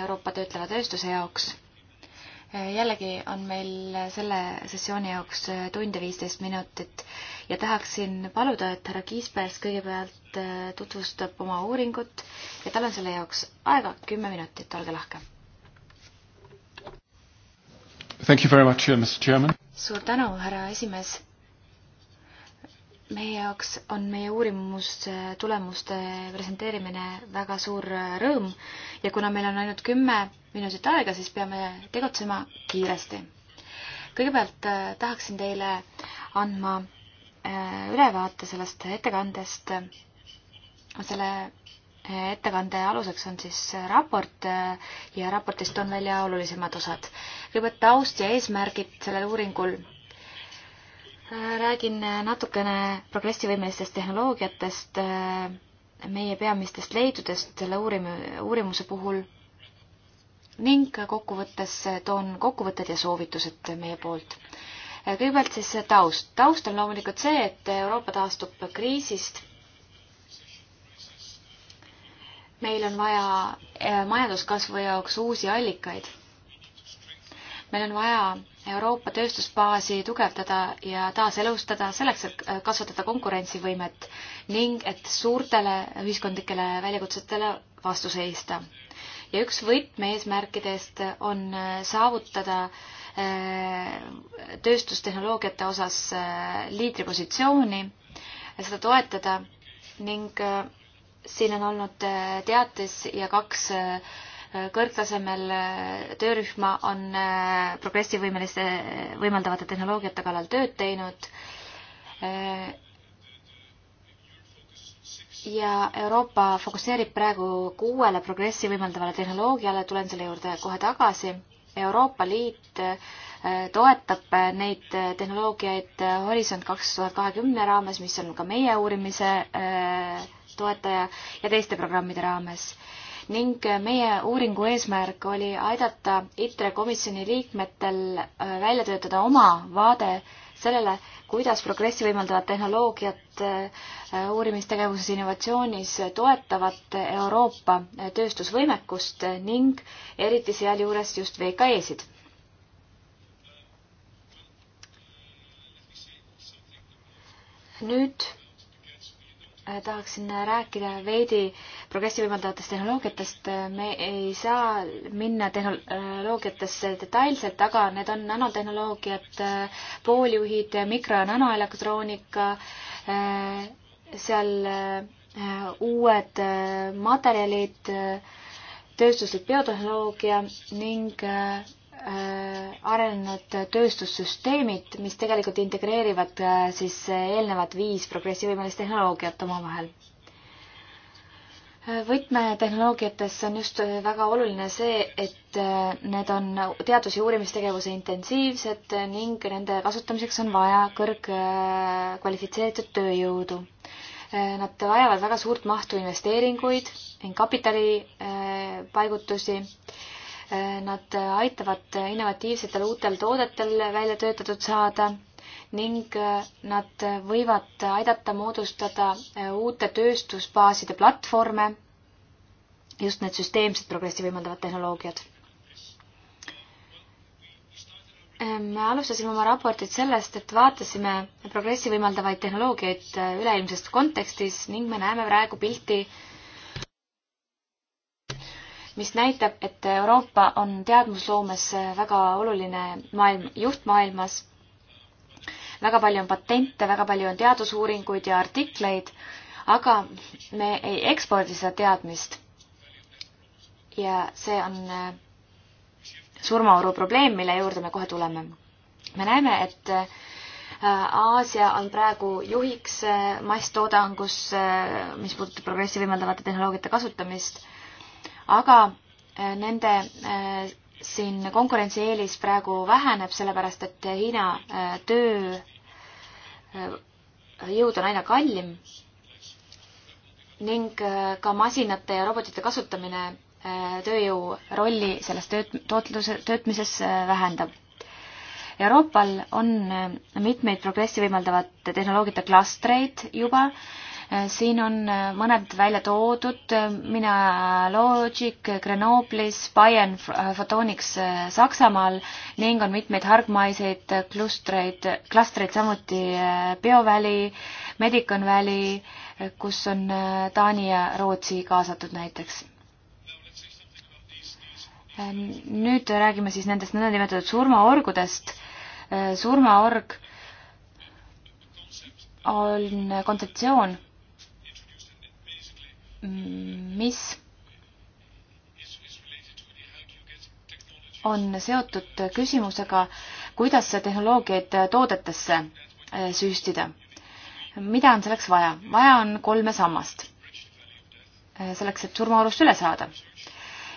Euroopa töötleva tööstuse jaoks. jällegi on meil selle sessiooni jaoks tund ja viisteist minutit ja tahaksin paluda, et härra Kiisbergs kõigepealt tutvustab oma uuringut ja tal on selle jaoks aega kümme minutit, olge lahke. Thank you very much, uh, Mr Chairman suur tänu, härra esimees. meie jaoks on meie uurimuse tulemuste presenteerimine väga suur rõõm ja kuna meil on ainult kümme minutit aega, siis peame tegutsema kiiresti. kõigepealt äh, tahaksin teile andma äh, ülevaate sellest ettekandest, selle ettekande aluseks on siis raport äh, ja raportist on välja olulisemad osad. kõigepealt taust ja eesmärgid sellel uuringul. Äh, räägin natukene progressivõimelistest tehnoloogiatest, äh, meie peamistest leidudest selle uurim-, uurimuse puhul ning kokkuvõttes toon kokkuvõtted ja soovitused meie poolt. kõigepealt siis taust. taust on loomulikult see, et Euroopa taastub kriisist meil on vaja eh, majanduskasvu jaoks uusi allikaid. meil on vaja Euroopa tööstusbaasi tugevdada ja taaselustada selleks, et kasvatada konkurentsivõimet ning et suurtele ühiskondlikele väljakutsetele vastu seista. ja üks võtmeeesmärkidest on eh, saavutada eh, tööstustehnoloogiate osas liidripositsiooni, seda toetada ning siin on olnud äh, teatis ja kaks äh, kõrgtasemel äh, töörühma on progressivõimeliste, võimaldavate tehnoloogiate kallal tööd teinud. ja Euroopa fokusseerib praegu kuuele progressi võimaldavale tehnoloogiale, tulen selle juurde kohe tagasi. Euroopa Liit toetab neid tehnoloogiaid Horisont kaks tuhat kahekümne raames, mis on ka meie uurimise äh, toetaja ja teiste programmide raames ning äh, meie uuringu eesmärk oli aidata ITRE komisjoni liikmetel äh, välja töötada oma vaade sellele, kuidas progressi võimaldavad tehnoloogiad äh, uurimistegevuses, innovatsioonis toetavad Euroopa tööstusvõimekust ning eriti sealjuures just VKE-sid. nüüd Äh, tahaksin rääkida veidi progressi võimaldavatest tehnoloogiatest. Äh, me ei saa minna tehnoloogiatesse äh, detailselt, aga need on nanotehnoloogiad, pooljuhid, mikro- ja nanoelektroonika, seal uued materjalid, tööstuslik biotehnoloogia ning Äh, arenenud tööstussüsteemid, mis tegelikult integreerivad äh, siis äh, eelnevad viis progressiivvõimelist tehnoloogiat omavahel. võtmetehnoloogiates on just väga oluline see, et need on teadus- ja uurimistegevuse intensiivsed ning nende kasutamiseks on vaja kõrgkvalifitseeritud tööjõudu. Nad vajavad väga suurt mahtu investeeringuid ning kapitalipaigutusi äh, Nad aitavad innovatiivsetel uutel toodetel välja töötatud saada ning eh, nad võivad aidata moodustada eh, uute tööstusbaaside platvorme, just need süsteemsed progressi võimaldavad tehnoloogiad. Eh, me alustasime oma raportit sellest, et vaatasime progressi võimaldavaid tehnoloogiaid üleilmsest kontekstis ning me näeme praegu pilti äh, mis näitab, et Euroopa on teadmusloomes väga oluline maailm, juhtmaailmas. väga palju on patente, väga palju on teadusuuringuid ja artikleid, aga me ei ekspordi seda teadmist. ja see on äh, surmaoru probleem, mille juurde me kohe tuleme. me näeme, et äh, Aasia on praegu juhiks äh, masstoodangus, mis puudutab progressi võimaldavate tehnoloogiate kasutamist aga äh, nende äh, siin konkurentsieelis praegu väheneb, sellepärast et Hiina äh, tööjõud on aina kallim ning ka masinate ja robotite kasutamine tööjõu rolli selles tööt-, tootluse, töötmises vähendab. Euroopal on mitmeid progressi võimaldavad tehnoloogiate klastreid juba Äh, siin on äh, mõned välja toodud, äh, mina Logic Grenoblis, Bayern Photonics Saksamaal ning on mitmeid hargmaiseid klustreid, klastreid samuti Bioväli, Medicon Valley, kus on Taani ja Rootsi kaasatud näiteks nüüd räägime siis nendest nõndanimetatud surmaorgudest. surmaorg on kontseptsioon, mis on seotud küsimusega, kuidas tehnoloogiaid toodetesse äh, süstida. mida on selleks vaja? vaja on kolme sammast. Äh, selleks, et surmaorust üle saada.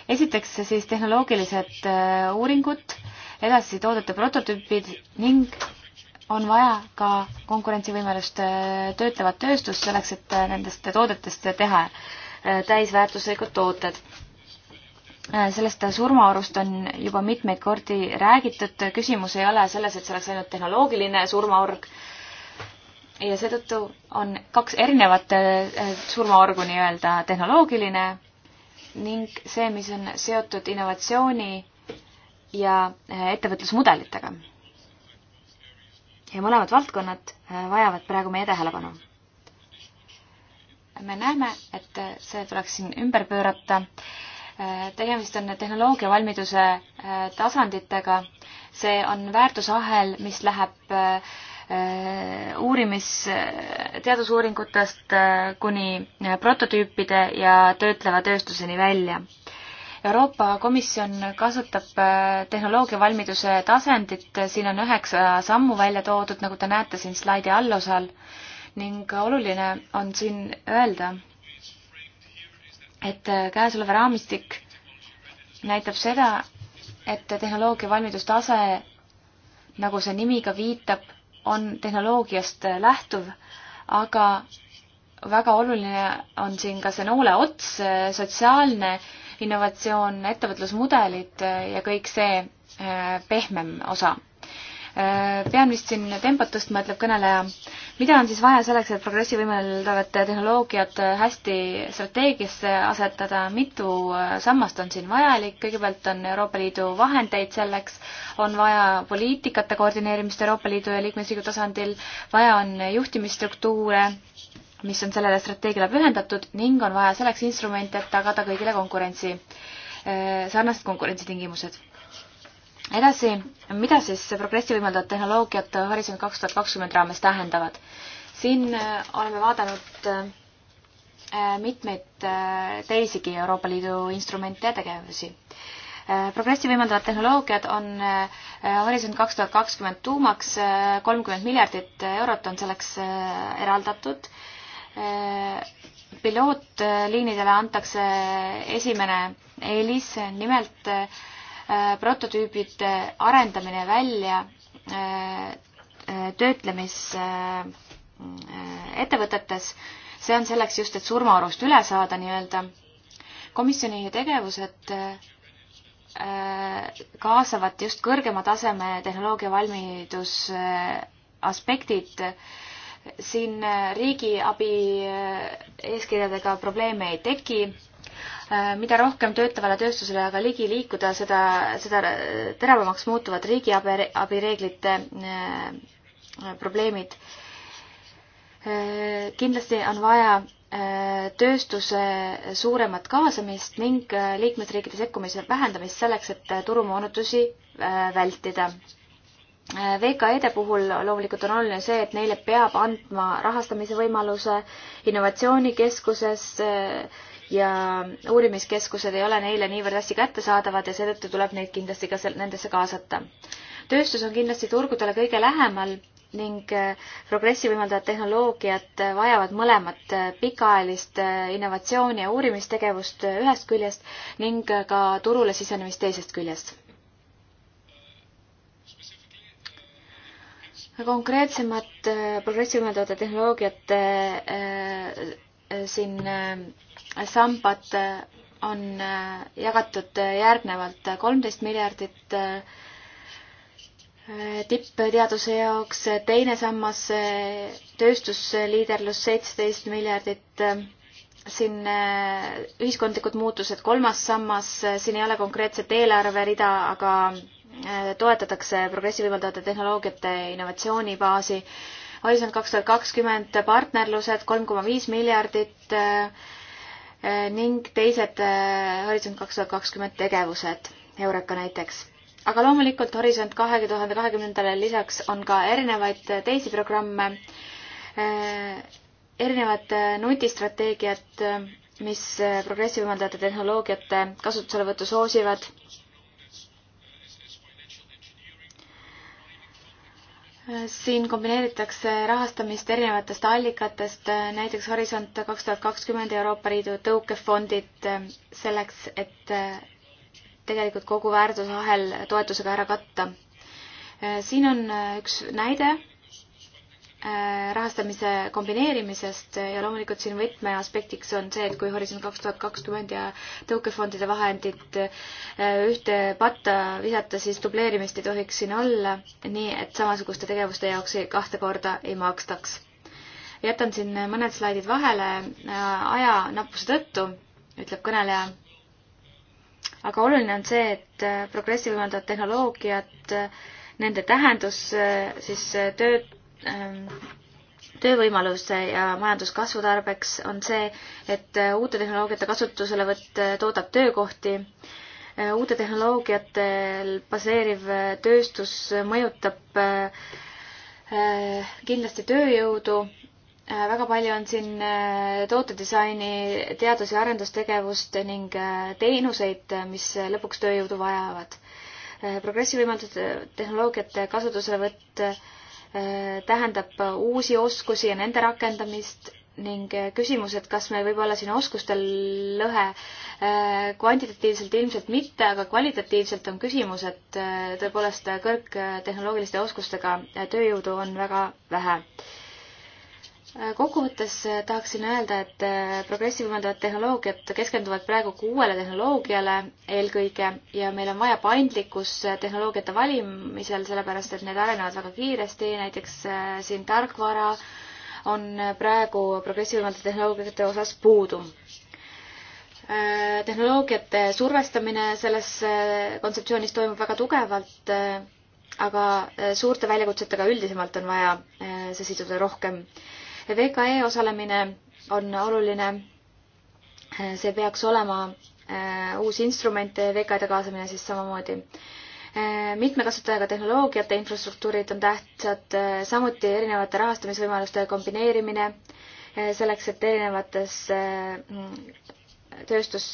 esiteks siis tehnoloogilised äh, uuringud, edasi toodete prototüübid ning on vaja ka konkurentsivõimelist äh, töötlevat tööstust selleks, et äh, nendest toodetest teha äh, täisväärtuslikud tooted. sellest surmaorust on juba mitmeid kordi räägitud, küsimus ei ole selles, et see oleks ainult tehnoloogiline surmaorg ja seetõttu on kaks erinevat surmaorgu nii-öelda tehnoloogiline ning see, mis on seotud innovatsiooni ja ettevõtlusmudelitega ja mõlemad valdkonnad äh, vajavad praegu meie tähelepanu. me näeme, et äh, see tuleks siin ümber pöörata. Äh, tegemist on tehnoloogia valmiduse tasanditega. see on väärtusahel, mis läheb uurimis, teadusuuringutest kuni prototüüpide ja töötleva tööstuseni välja Euroopa Komisjon kasutab äh, tehnoloogiavalmiduse tasandit, siin on üheksa äh, sammu välja toodud, nagu te näete siin slaidi allosal ning oluline on siin öelda, et äh, käesolev raamistik näitab seda, et tehnoloogiavalmidustase, nagu see nimi ka viitab, on tehnoloogiast lähtuv, aga väga oluline on siin ka see noole ots, sotsiaalne innovatsioon, ettevõtlusmudelid äh, ja kõik see äh, pehmem osa. Äh, pean vist siin tempot tõstma, ütleb kõneleja. mida on siis vaja selleks, et progressi võimaldavad tehnoloogiad hästi strateegiasse asetada, mitu sammast on siin vajalik, kõigepealt on Euroopa Liidu vahendeid selleks, on vaja poliitikate koordineerimist Euroopa Liidu ja liikmesriigi tasandil, vaja on juhtimisstruktuure, mis on sellele strateegiale pühendatud ning on vaja selleks instrumente, et tagada kõigile konkurentsi, äh, sarnased konkurentsitingimused. edasi, mida siis progressi võimaldavad tehnoloogiad Horisont kaks tuhat kakskümmend raames tähendavad? siin äh, oleme vaadanud äh, mitmeid teisigi Euroopa Liidu instrumente ja tegevusi progressi võimaldavad tehnoloogiad on Horisont kaks tuhat kakskümmend tuumaks, kolmkümmend miljardit eurot on selleks eraldatud pilootliinidele antakse esimene eelis, nimelt äh, prototüübide arendamine välja äh, äh, töötlemisettevõtetes. see on selleks just, et surmaorust üle saada nii-öelda. komisjoni tegevused kaasavad just kõrgema taseme tehnoloogia valmidus aspektid siin riigiabi äh, eeskirjadega probleeme ei teki. Äh, mida rohkem töötavale tööstusele aga ligi liikuda, seda, seda teravamaks muutuvad riigiabi, abireeglite äh, probleemid. kindlasti on vaja tööstuse suuremat kaasamist ning liikmesriikide sekkumise vähendamist selleks, et turumoonutusi vältida VKE-de puhul loomulikult on oluline see, et neile peab andma rahastamise võimaluse innovatsioonikeskuses eh, ja uurimiskeskused ei ole neile niivõrd hästi kättesaadavad ja seetõttu tuleb neid kindlasti ka nendesse kaasata. tööstus on kindlasti turgudele kõige lähemal ning eh, progressi võimaldavad tehnoloogiad vajavad mõlemat eh, pikaajalist innovatsiooni ja uurimistegevust ühest küljest ning ka turule sisenemist teisest küljest konkreetsemat äh, progressi võimaldavate tehnoloogiate äh, äh, siin sambad on jagatud järgnevalt kolmteist miljardit tippteaduse jaoks, teine sammas tööstusliiderlus seitseteist miljardit, siin ühiskondlikud muutused, kolmas sammas, siin ei ole konkreetset eelarverida, aga Äh, toetatakse progressi võimaldavate tehnoloogiate innovatsioonibaasi. Horisont kaks tuhat kakskümmend partnerlused kolm koma viis miljardit äh, äh, ning teised Horisont kaks tuhat kakskümmend tegevused, Eureka näiteks. aga loomulikult Horisont kahe tuhande kahekümnendale lisaks on ka erinevaid teisi programme, erinevad nutistrateegiad, mis progressi võimaldavate tehnoloogiate kasutuselevõttu soosivad siin kombineeritakse rahastamist erinevatest allikatest, näiteks Horisont kaks tuhat kakskümmend Euroopa Liidu tõukefondid selleks, et tegelikult kogu väärtusahel toetusega ära katta. siin on üks näide Äh, rahastamise kombineerimisest ja loomulikult siin võtmeaspektiks on see, et kui Horisont kaks tuhat kakskümmend ja tõukefondide vahendid äh, ühte patta visata, siis dubleerimist ei tohiks siin olla, nii et samasuguste tegevuste jaoks kahte korda ei makstaks. jätan siin mõned slaidid vahele äh, ajanappuse tõttu, ütleb kõneleja aga oluline on see, et progressi võimaldavad tehnoloogiad, nende tähendus siis tööd Ähm, töövõimaluse ja majanduskasvu tarbeks on see, et äh, uute tehnoloogiate kasutuselevõtt äh, toodab töökohti. Äh, uute tehnoloogiatel baseeriv tööstus mõjutab kindlasti tööjõudu. väga palju on siin tootedisaini, teadus- ja arendustegevust ning teenuseid, mis lõpuks tööjõudu vajavad. progressi võimaldatud tehnoloogiate kasutuselevõtt Äh, tähendab äh, uusi oskusi ja nende rakendamist ning äh, küsimus, et kas meil võib olla siin oskustel lõhe, kvantitatiivselt ilmselt mitte, aga kvalitatiivselt on küsimus, et tõepoolest kõrgtehnoloogiliste oskustega tööjõudu on väga vähe kokkuvõttes eh, tahaksin öelda, et eh, progressi võimaldavad tehnoloogiad keskenduvad praegu kuuele tehnoloogiale eelkõige ja meil on vaja paindlikkus eh, tehnoloogiate valimisel, sellepärast et need arenevad väga kiiresti, näiteks siin tarkvara on praegu progressi võimaldavate tehnoloogiate osas puudu. tehnoloogiate survestamine selles kontseptsioonis toimub väga tugevalt, aga suurte väljakutsetega üldisemalt on vaja see siduda rohkem VKE osalemine on oluline. see peaks olema äh, uus instrument, äh, VKE-de kaasamine siis samamoodi äh, mitmekasutajaga tehnoloogiate infrastruktuurid on tähtsad, samuti erinevate rahastamisvõimaluste kombineerimine selleks, et erinevates mm, tööstus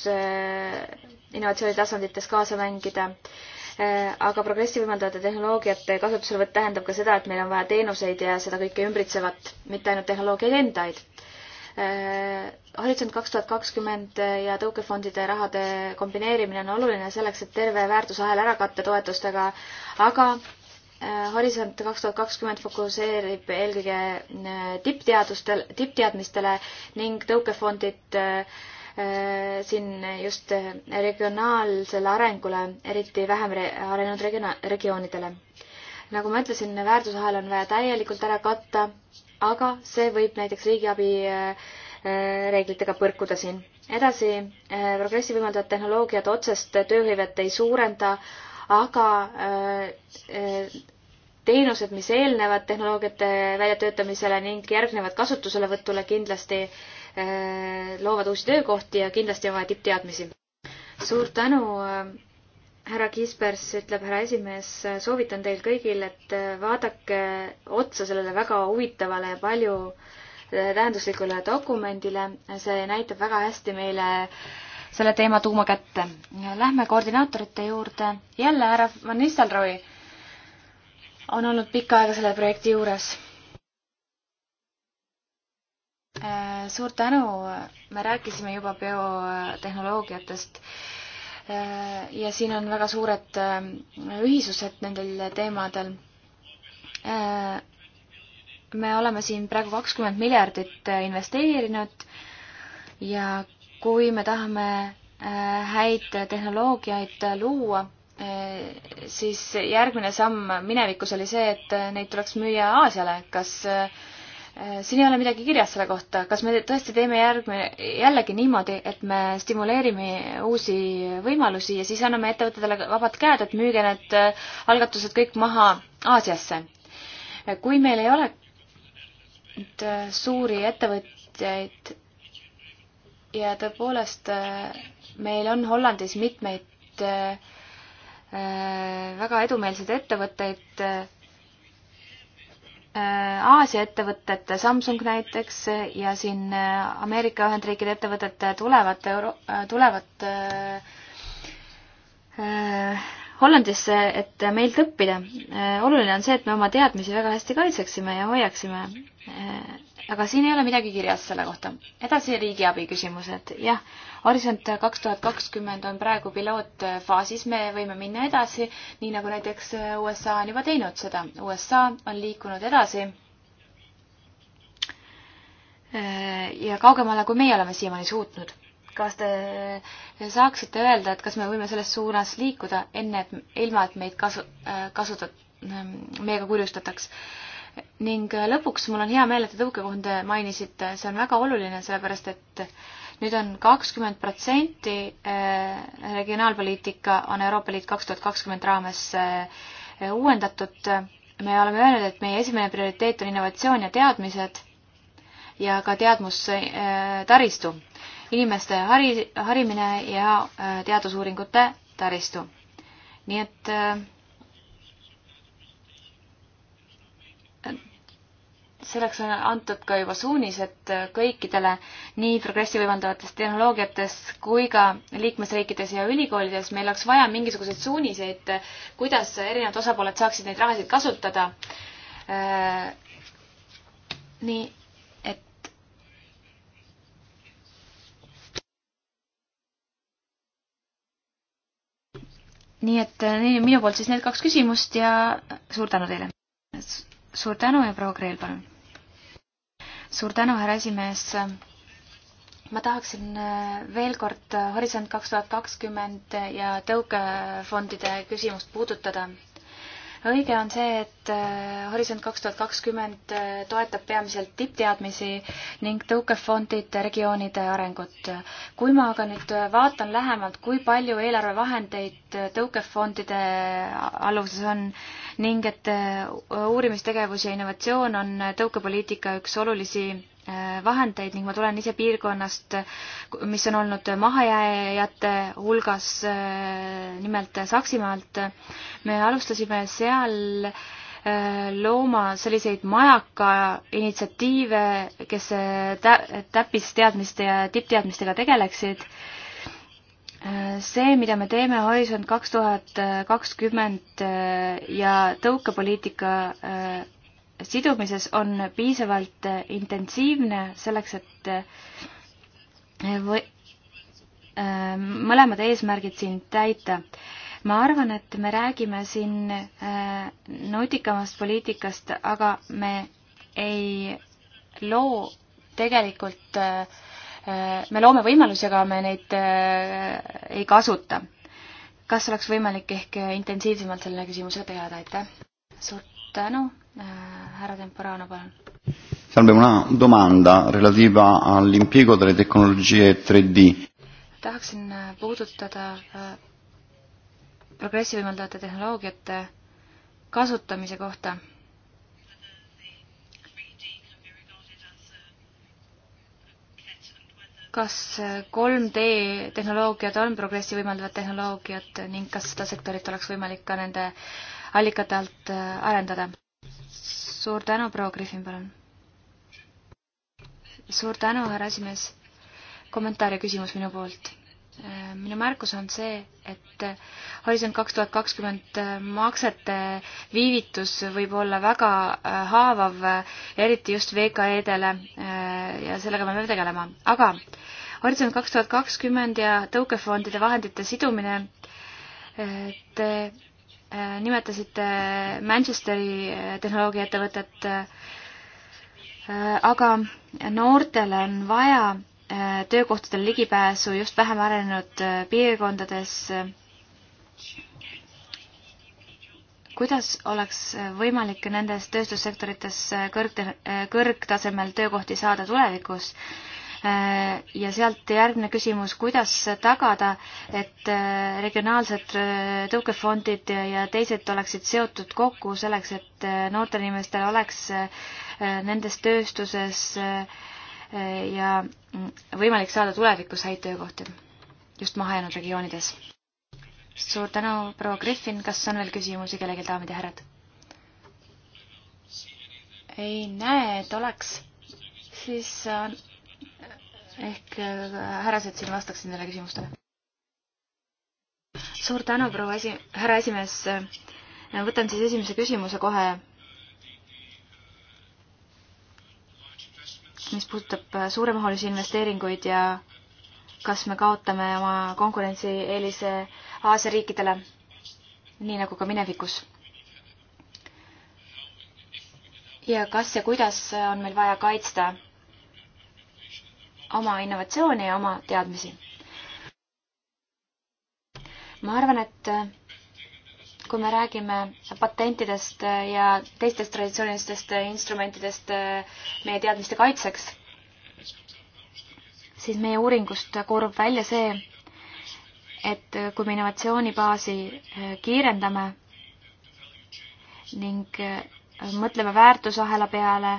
innovatsioonitasandites kaasa mängida. Äh, aga progressi võimaldavate tehnoloogiate kasutuselevõtt tähendab ka seda, et meil on vaja teenuseid ja seda kõike ümbritsevat, mitte ainult tehnoloogiaid endaid. Äh, Horisont kaks tuhat kakskümmend ja tõukefondide rahade kombineerimine on oluline selleks, et terve väärtusahel ära katta toetustega, aga äh, Horisont kaks tuhat kakskümmend fokusseerib eelkõige tippteadustel, tippteadmistele ning tõukefondid äh, Äh, siin just regionaalsele arengule, eriti vähem arenenud regiona-, regioonidele. nagu ma ütlesin, väärtusahel on vaja täielikult ära katta, aga see võib näiteks riigiabi äh, äh, reeglitega põrkuda siin. edasi, progressi võimaldavad tehnoloogiad otsest tööhõivet ei suurenda, aga teenused, mis eelnevad tehnoloogiate väljatöötamisele ning järgnevad kasutuselevõtule kindlasti Äh, loovad uusi töökohti ja kindlasti on vaja tippteadmisi. suur tänu, äh, härra Kispers, ütleb härra esimees, soovitan teil kõigil, et äh, vaadake otsa sellele väga huvitavale ja palju tähenduslikule dokumendile, see näitab väga hästi meile selle teema tuuma kätte. Lähme koordinaatorite juurde. jälle härra Van Nistelrooy on olnud pikka aega selle projekti juures Äh, suur tänu, me rääkisime juba biotehnoloogiatest äh, ja siin on väga suured äh, ühisused nendel teemadel. me oleme siin praegu kakskümmend miljardit investeerinud ja kui me tahame häid tehnoloogiaid luua, siis järgmine samm minevikus oli see, et neid tuleks müüa Aasiale. kas äh, Äh, siin ei ole midagi kirjas selle kohta, kas me tõesti teeme järgmine, jällegi niimoodi, et me stimuleerime uusi võimalusi ja siis anname ettevõtetele vabad käed, et müüge need äh, algatused kõik maha Aasiasse. Äh, kui meil ei ole suuri ettevõtjaid ja tõepoolest meil on Hollandis mitmeid väga edumeelseid ettevõtteid, Äh, Aasia ettevõtted, Samsung näiteks äh, ja siin äh, Ameerika Ühendriikide ettevõtted tulevad euro-, tulevad äh, Hollandisse, et meilt õppida. oluline on see, et me oma teadmisi väga hästi kaitseksime ja hoiaksime äh, aga siin ei ole midagi kirjas selle kohta. edasi riigiabi küsimused. jah, Horisont kaks tuhat kakskümmend on praegu pilootfaasis, me võime minna edasi, nii nagu näiteks USA on juba teinud seda. USA on liikunud edasi äh, ja kaugemale, kui meie oleme siiamaani suutnud. kas te saaksite öelda, et kas me võime selles suunas liikuda enne, et ilma, et meid kasu, äh, kasutat-, meiega kurjustataks? ning lõpuks mul on hea meel, et te tõukekohande mainisite, see on väga oluline, sellepärast et nüüd on kakskümmend protsenti eh, regionaalpoliitika on Euroopa Liit kaks tuhat kakskümmend raames eh, uuendatud. me oleme öelnud, et meie esimene prioriteet on innovatsioon ja teadmised ja ka teadmustaristu, eh, inimeste hari, harimine ja teadusuuringute taristu. nii et äh, selleks on antud ka juba suunised kõikidele nii progressi võimaldavates tehnoloogiates kui ka liikmesriikides ja ülikoolides. meil oleks vaja mingisuguseid suuniseid, kuidas erinevad osapooled saaksid neid rahasid kasutada. Äh, nii et. nii et äh, nii, minu poolt siis need kaks küsimust ja suur tänu teile suur tänu ja proua Kreel, palun! suur tänu, härra esimees. ma tahaksin äh, veel kord äh, Horisont kaks tuhat kakskümmend ja tõukefondide küsimust puudutada õige on see, et äh, Horisont kaks tuhat kakskümmend äh, toetab peamiselt tippteadmisi ning tõukefondid regioonide arengut. kui ma aga nüüd äh, vaatan lähemalt, kui palju eelarvevahendeid tõukefondide aluses on ning et uurimistegevusi ja innovatsioon on tõukepoliitika üks olulisi Äh, vahendeid ning ma tulen ise piirkonnast, mis on olnud mahajääjate hulgas, äh, nimelt Saksimaalt. me alustasime seal äh, looma selliseid majaka initsiatiive, kes tä-, täppisteadmiste ja tippteadmistega tegeleksid. see, mida me teeme Horisont kaks tuhat kakskümmend ja tõukepoliitika sidumises on piisavalt intensiivne selleks, et eh, või, eh, mõlemad eesmärgid siin täita. ma arvan, et me räägime siin eh, nutikamast poliitikast, aga me ei loo tegelikult, me loome võimalusi, aga me neid ei kasuta. kas oleks võimalik ehk intensiivsemalt sellele küsimusele teada, aitäh! suur tänu! härra eh, Temporano, palun. Salve, una domanda relativa all'impiego delle tecnologie 3D. tahaksin eh, puudutada eh, progressi võimaldavate tehnoloogiate kasutamise kohta. kas 3D tehnoloogiad on progressi võimaldavad tehnoloogiad ning kas seda sektorit oleks võimalik ka nende allikate alt arendada? suur tänu, proua Griffin, palun. suur tänu, härra esimees. kommentaar ja küsimus minu poolt. Äh, minu märkus on see, et Horisont kaks tuhat kakskümmend äh, maksete viivitus võib olla väga äh, haavav, eriti just VKE-dele ja sellega me peame tegelema, aga Horisont kaks tuhat kakskümmend ja tõukefondide vahendite sidumine, et Äh, nimetasite äh, Manchesteri äh, tehnoloogiaettevõtet, aga noortel on vaja töökohtadele ligipääsu just vähem arenenud piirkondades. kuidas oleks võimalik nendes tööstussektorites kõrg, kõrgtasemel töökohti saada tulevikus? Äh, ja sealt järgmine küsimus, kuidas tagada, et äh, regionaalsed äh, tõukefondid ja teised oleksid seotud kokku selleks, et noortel inimestel oleks nendes tööstuses ja mm, võimalik saada tulevikus häid töökohti just mahajäänud regioonides. suur tänu, proua Griffin, kas on veel küsimusi kellelgi, daamid ja härrad? ei näe, et oleks, siis ehk äh, härrased siin vastaksid nendele küsimustele. suur tänu, proua esi-, härra esimees. Äh, võtan siis esimese küsimuse kohe mis puudutab äh, suuremahulisi investeeringuid ja kas me kaotame oma konkurentsieelise Aasia riikidele, nii nagu ka minevikus. ja kas ja kuidas on meil vaja kaitsta oma innovatsiooni ja oma teadmisi. ma arvan, et äh, kui me räägime patentidest äh, ja teistest traditsioonilistest äh, instrumentidest meie teadmiste kaitseks, siis meie uuringust koorub välja see, et kui me innovatsioonibaasi kiirendame ning mõtleme väärtusahela peale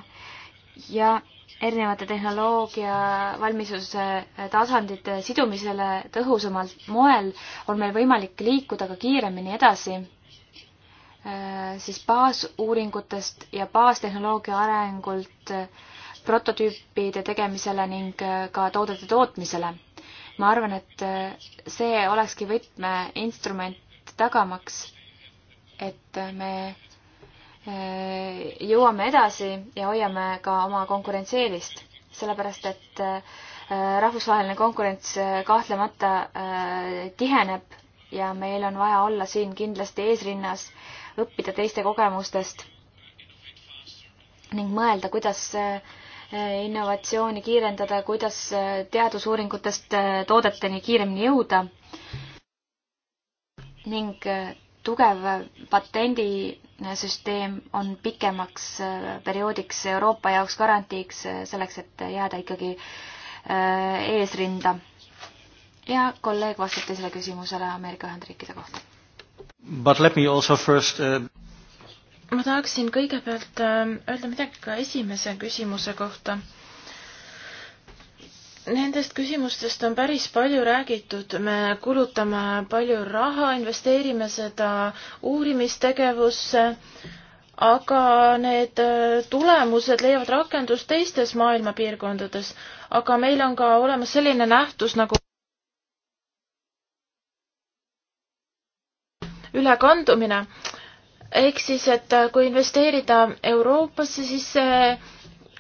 ja erinevate tehnoloogia valmisuse eh, tasandite sidumisele tõhusamal moel on meil võimalik liikuda ka kiiremini edasi eh, siis baasuuringutest ja baastehnoloogia arengult eh, prototüüpide tegemisele ning ka toodete tootmisele. ma arvan, et see olekski võtmeinstrument tagamaks, et me Äh, jõuame edasi ja hoiame ka oma konkurentsieelist, sellepärast et äh, rahvusvaheline konkurents äh, kahtlemata tiheneb ja meil on vaja olla siin kindlasti eesrinnas, õppida teiste kogemustest ning mõelda, kuidas innovatsiooni kiirendada, kuidas teadusuuringutest toodeteni kiiremini jõuda ning tugev patendi süsteem on pikemaks äh, perioodiks Euroopa jaoks garantiiks äh, selleks, et jääda ikkagi äh, eesrinda. ja kolleeg vastab teisele küsimusele Ameerika Ühendriikide kohta. But let me also first uh... ma tahaksin kõigepealt öelda midagi ka esimese küsimuse kohta Nendest küsimustest on päris palju räägitud, me kulutame palju raha, investeerime seda uurimistegevusse, aga need äh, tulemused leiavad rakendust teistes maailma piirkondades. aga meil on ka olemas selline nähtus nagu ülekandumine. ehk siis, et äh, kui investeerida Euroopasse, siis see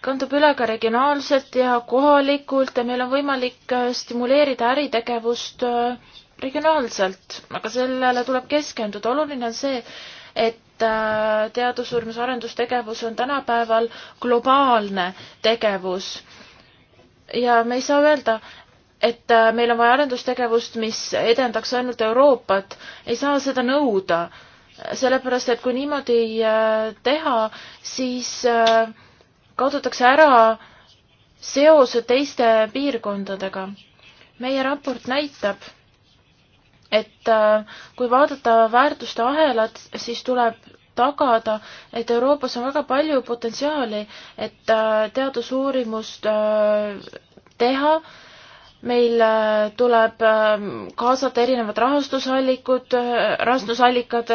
kandub üle ka regionaalselt ja kohalikult ja meil on võimalik äh, stimuleerida äritegevust äh, regionaalselt, aga sellele tuleb keskenduda. oluline on see, et äh, teadus-, uurimis- ja arendustegevus on tänapäeval globaalne tegevus. ja me ei saa öelda, et meil on vaja arendustegevust, mis edendaks ainult Euroopat, ei saa seda nõuda, sellepärast et kui niimoodi teha, siis äh, kaotatakse ära seos teiste piirkondadega. meie raport näitab, et äh, kui vaadata väärtuste ahelat, siis tuleb tagada, et Euroopas on väga palju potentsiaali, et äh, teadusuurimust äh, teha, meil tuleb kaasata erinevad rahastusallikud, rahastusallikad,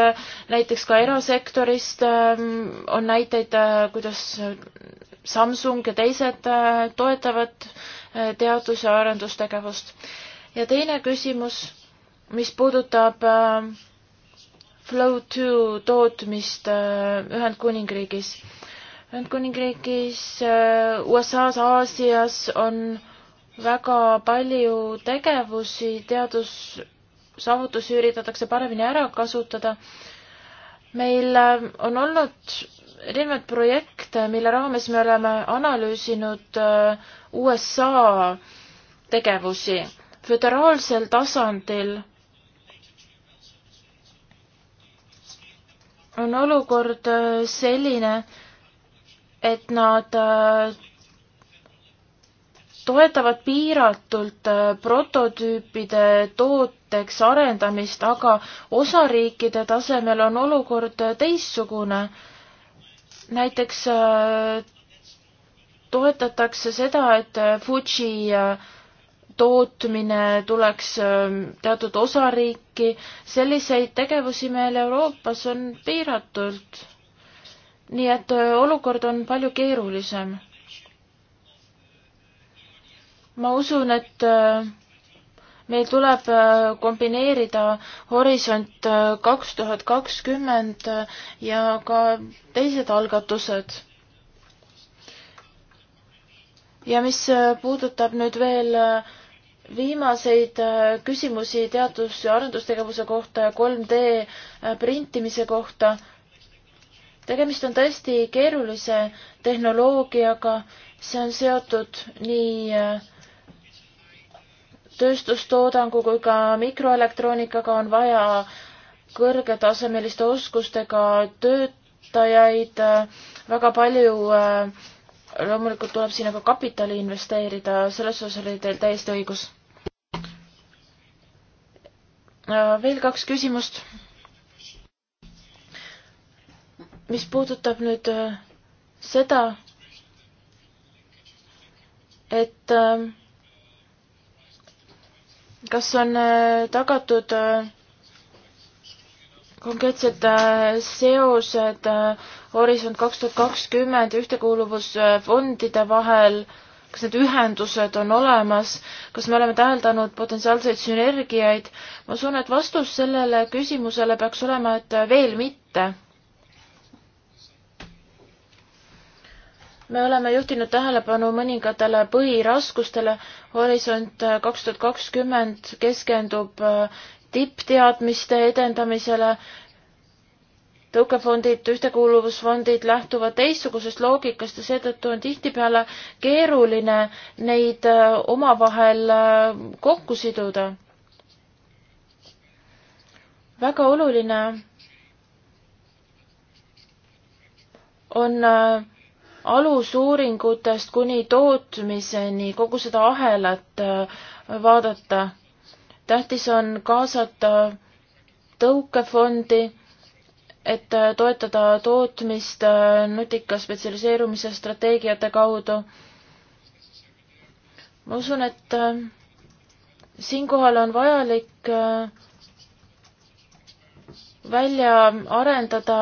näiteks ka erasektorist on näiteid, kuidas Samsung ja teised äh, toetavad äh, teadus- ja arendustegevust. ja teine küsimus, mis puudutab äh, Flow2 tootmist Ühendkuningriigis. Ühendkuningriigis, USA-s, Aasias on väga palju tegevusi, teadussaavutusi üritatakse paremini ära kasutada. meil on olnud erinevaid projekte, mille raames me oleme analüüsinud äh, USA tegevusi föderaalsel tasandil on olukord äh, selline, et nad äh, toetavad piiratult prototüüpide tooteks arendamist, aga osariikide tasemel on olukord teistsugune näiteks äh, toetatakse seda, et äh, Fuji äh, tootmine tuleks teatud osariiki, selliseid tegevusi meil Euroopas on piiratult. nii et olukord on palju keerulisem. ma usun, et meil tuleb äh, kombineerida Horisont äh, kaks tuhat kakskümmend äh, ja ka teised algatused. ja mis puudutab nüüd veel viimaseid küsimusi teadus- ja arendustegevuse kohta ja 3D printimise kohta. tegemist on tõesti keerulise tehnoloogiaga, see on seotud nii tööstustoodangu kui ka mikroelektroonikaga on vaja kõrgetasemeliste oskustega töötajaid, väga palju äh, loomulikult tuleb sinna ka kapitali investeerida, selles osas oli teil täiesti õigus. Äh, veel kaks küsimust. mis puudutab nüüd äh, seda, et äh, kas on äh, tagatud äh, konkreetsed äh, seosed Horisont kaks tuhat kakskümmend ja ühtekuuluvusfondide vahel, kas need ühendused on olemas, kas me oleme täheldanud potentsiaalseid sünergiaid? ma usun, et vastus sellele küsimusele peaks olema, et veel mitte. me oleme juhtinud tähelepanu mõningatele põhiraskustele. horisont kaks tuhat kakskümmend keskendub äh, tippteadmiste edendamisele. tõukefondid, ühtekuuluvusfondid lähtuvad teistsugusest loogikast ja seetõttu on tihtipeale keeruline neid äh, omavahel äh, kokku siduda. väga oluline on alusuuringutest kuni tootmiseni, kogu seda ahelat äh, vaadata. tähtis on kaasata tõukefondi, et äh, toetada tootmist äh, nutika spetsialiseerumise strateegiate kaudu. ma usun, et siinkohal on vajalik välja arendada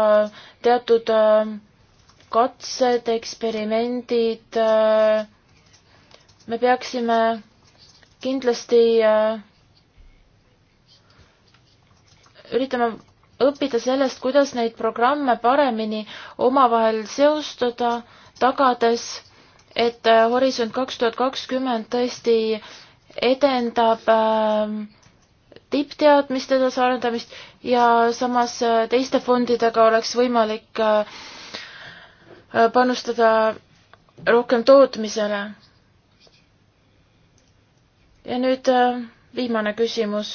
teatud äh, katsed, eksperimendid. Äh, me peaksime kindlasti äh, üritama õppida sellest, kuidas neid programme paremini omavahel seostada, tagades, et äh, Horisont kaks tuhat kakskümmend tõesti edendab tippteadmiste edasiarendamist ja samas teiste fondidega oleks võimalik Äh, panustada rohkem tootmisele. ja nüüd äh, viimane küsimus.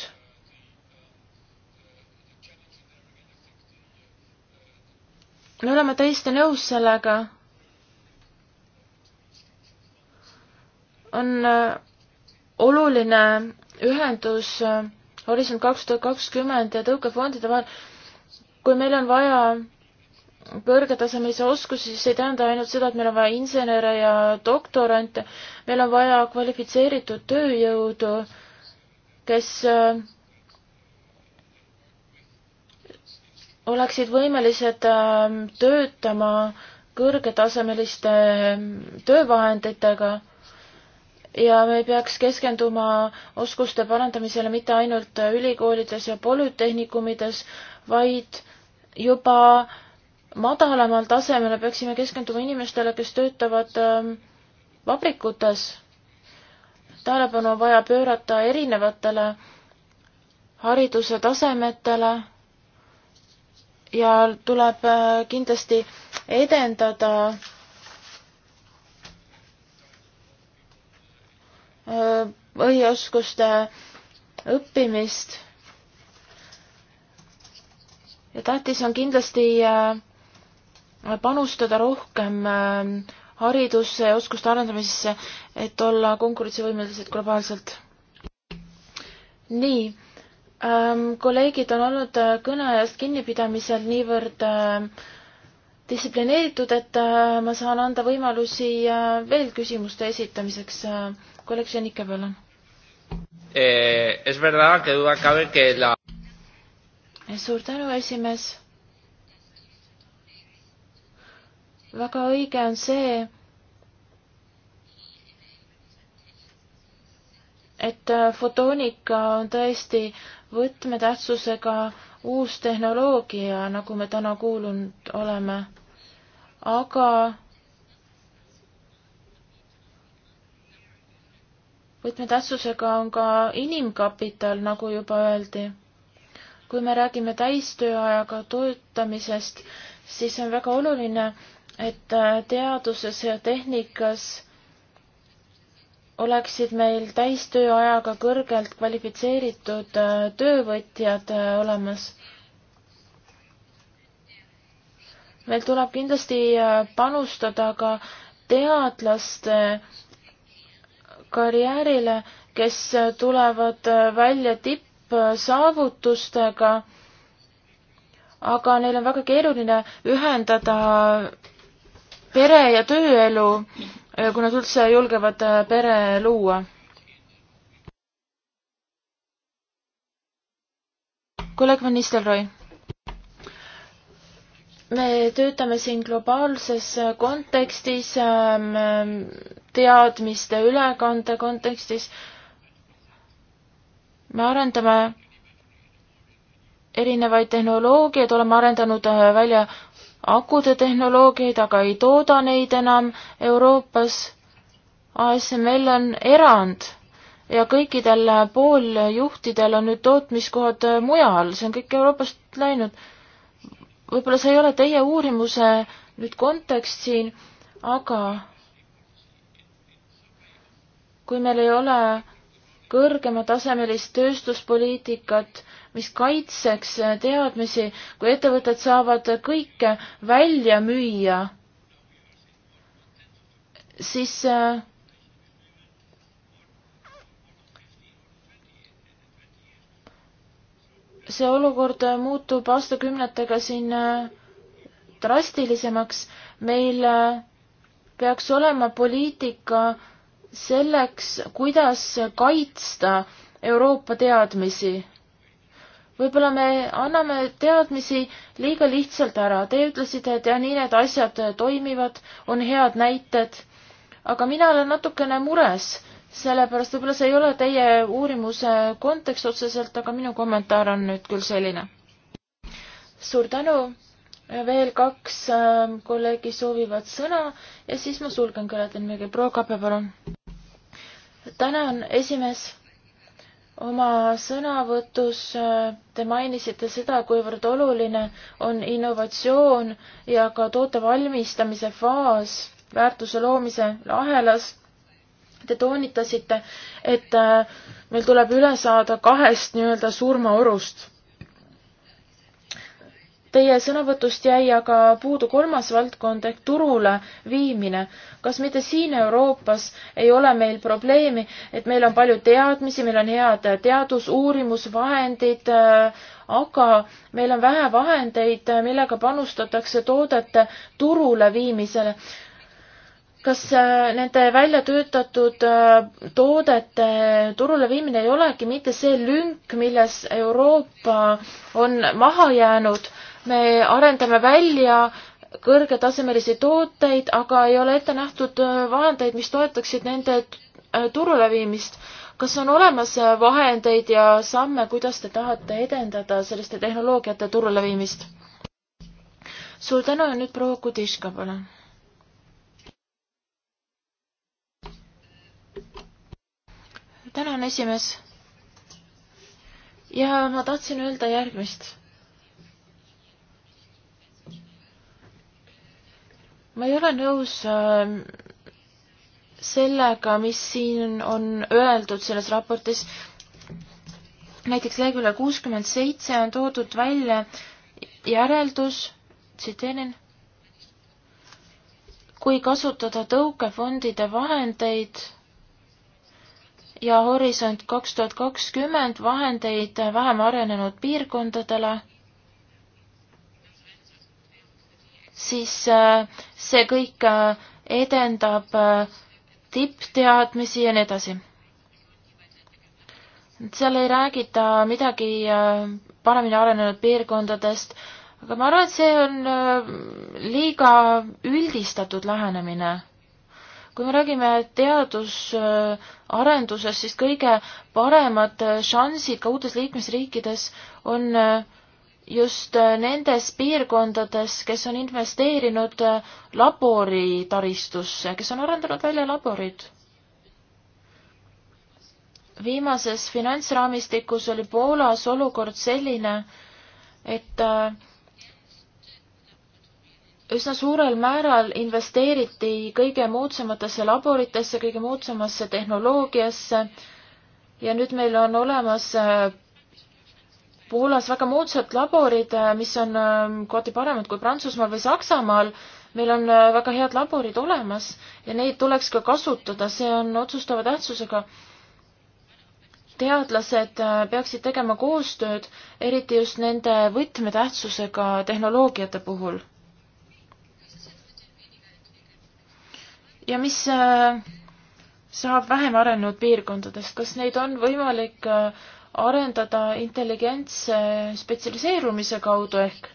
me oleme täiesti nõus sellega. on äh, oluline ühendus Horisont kaks tuhat kakskümmend ja tõukefondide vahel. kui meil on vaja kõrgetasemelisi oskusi, siis ei tähenda ainult seda, et meil on vaja insenere ja doktorante, meil on vaja kvalifitseeritud tööjõudu, kes äh, oleksid võimelised äh, töötama kõrgetasemeliste äh, töövahenditega ja me ei peaks keskenduma oskuste parandamisele mitte ainult ülikoolides ja polütehnikumides, vaid juba äh, madalamal tasemel peaksime keskenduma inimestele, kes töötavad ähm, vabrikutes. tähelepanu on vaja pöörata erinevatele hariduse tasemetele ja tuleb äh, kindlasti edendada põhioskuste äh, õppimist. ja tähtis on kindlasti äh, panustada rohkem äh, haridusse ja oskuste arendamisesse, et olla konkurentsivõimelised globaalselt. nii ähm,, kolleegid on olnud äh, kõneajast kinnipidamisel niivõrd äh, distsiplineeritud, et äh, ma saan anda võimalusi äh, veel küsimuste esitamiseks äh,. kolleeg Ženike, palun eh,. suur tänu, esimees väga õige on see, et äh, fotoonika on tõesti võtmetähtsusega uus tehnoloogia, nagu me täna kuulnud oleme. aga võtmetähtsusega on ka inimkapital, nagu juba öeldi. kui me räägime täistööajaga töötamisest, siis on väga oluline, et äh, teaduses ja tehnikas oleksid meil täistööajaga kõrgelt kvalifitseeritud äh, töövõtjad äh, olemas. meil tuleb kindlasti panustada ka teadlaste karjäärile, kes tulevad välja tippsaavutustega, aga neil on väga keeruline ühendada pere ja tööelu, kui nad üldse julgevad äh, pere luua. kolleeg Van Nistelrooy. me töötame siin globaalses äh, kontekstis, ähm, ähm, teadmiste ülekande kontekstis. me arendame erinevaid tehnoloogiaid, oleme arendanud äh, välja akude tehnoloogiaid, aga ei tooda neid enam Euroopas. ASML on erand ja kõikidel pooljuhtidel on nüüd tootmiskohad mujal, see on kõik Euroopast läinud. võib-olla see ei ole teie uurimuse nüüd kontekst siin, aga kui meil ei ole kõrgematasemelist tööstuspoliitikat, mis kaitseks äh, teadmisi, kui ettevõtted saavad kõike välja müüa, siis äh, see olukord muutub aastakümnetega siin äh, drastilisemaks. meil peaks olema poliitika selleks, kuidas kaitsta Euroopa teadmisi võib-olla me anname teadmisi liiga lihtsalt ära. Te ütlesite, et ja nii need asjad äh, toimivad, on head näited. aga mina olen natukene mures, sellepärast võib-olla see ei ole teie uurimuse kontekst otseselt, aga minu kommentaar on nüüd küll selline. suur tänu. veel kaks äh, kolleegi soovivad sõna ja siis ma sulgen kõnede nimega. proua Kape, palun. tänan, esimees oma sõnavõtus äh, te mainisite seda, kuivõrd oluline on innovatsioon ja ka toote valmistamise faas väärtuse loomise ahelas. Te toonitasite, et äh, meil tuleb üle saada kahest nii-öelda surmaorust Teie sõnavõtust jäi aga puudu kolmas valdkond ehk turule viimine. kas mitte siin Euroopas ei ole meil probleemi, et meil on palju teadmisi, meil on head teadusuurimusvahendid, aga meil on vähe vahendeid, millega panustatakse toodete turule viimisele kas äh, nende välja töötatud äh, toodete turule viimine ei olegi mitte see lünk, milles Euroopa on maha jäänud me arendame välja kõrgetasemelisi tooteid, aga ei ole ette nähtud äh, vahendeid, mis toetaksid nende äh, turule viimist. kas on olemas äh, vahendeid ja samme, kuidas te tahate edendada selliste tehnoloogiate turule viimist? suur tänu ja nüüd proua Kudiška, palun. tänan, esimees. ja ma tahtsin öelda järgmist ma ei ole nõus ähm, sellega, mis siin on öeldud selles raportis. näiteks leheküljel kuuskümmend seitse on toodud välja järeldus, tsiteerin, kui kasutada tõukefondide vahendeid ja Horisont kaks tuhat kakskümmend vahendeid vähem arenenud piirkondadele siis äh, see kõik äh, edendab äh, tippteadmisi ja nii edasi. seal ei räägita midagi paremini arenenud piirkondadest, aga ma arvan, et see on liiga üldistatud lähenemine. kui me räägime teadusarendusest, siis kõige paremad šansid ka uutes liikmesriikides on äh, just äh, nendes piirkondades, kes on investeerinud äh, laboritaristusse, kes on arendanud välja laborid. viimases finantsraamistikus oli Poolas olukord selline, et äh, üsna suurel määral investeeriti kõige moodsamatesse laboritesse, kõige moodsamasse tehnoloogiasse ja nüüd meil on olemas Poolas väga moodsad laborid, äh, mis on ähm, kohati paremad kui Prantsusmaal või Saksamaal. meil on äh, väga head laborid olemas ja neid tuleks ka kasutada, see on otsustava tähtsusega. teadlased äh, peaksid tegema koostööd, eriti just nende võtmetähtsusega tehnoloogiate puhul. ja mis saab vähem arenenud piirkondadest, kas neid on võimalik äh, arendada intelligentse spetsialiseerumise kaudu ehk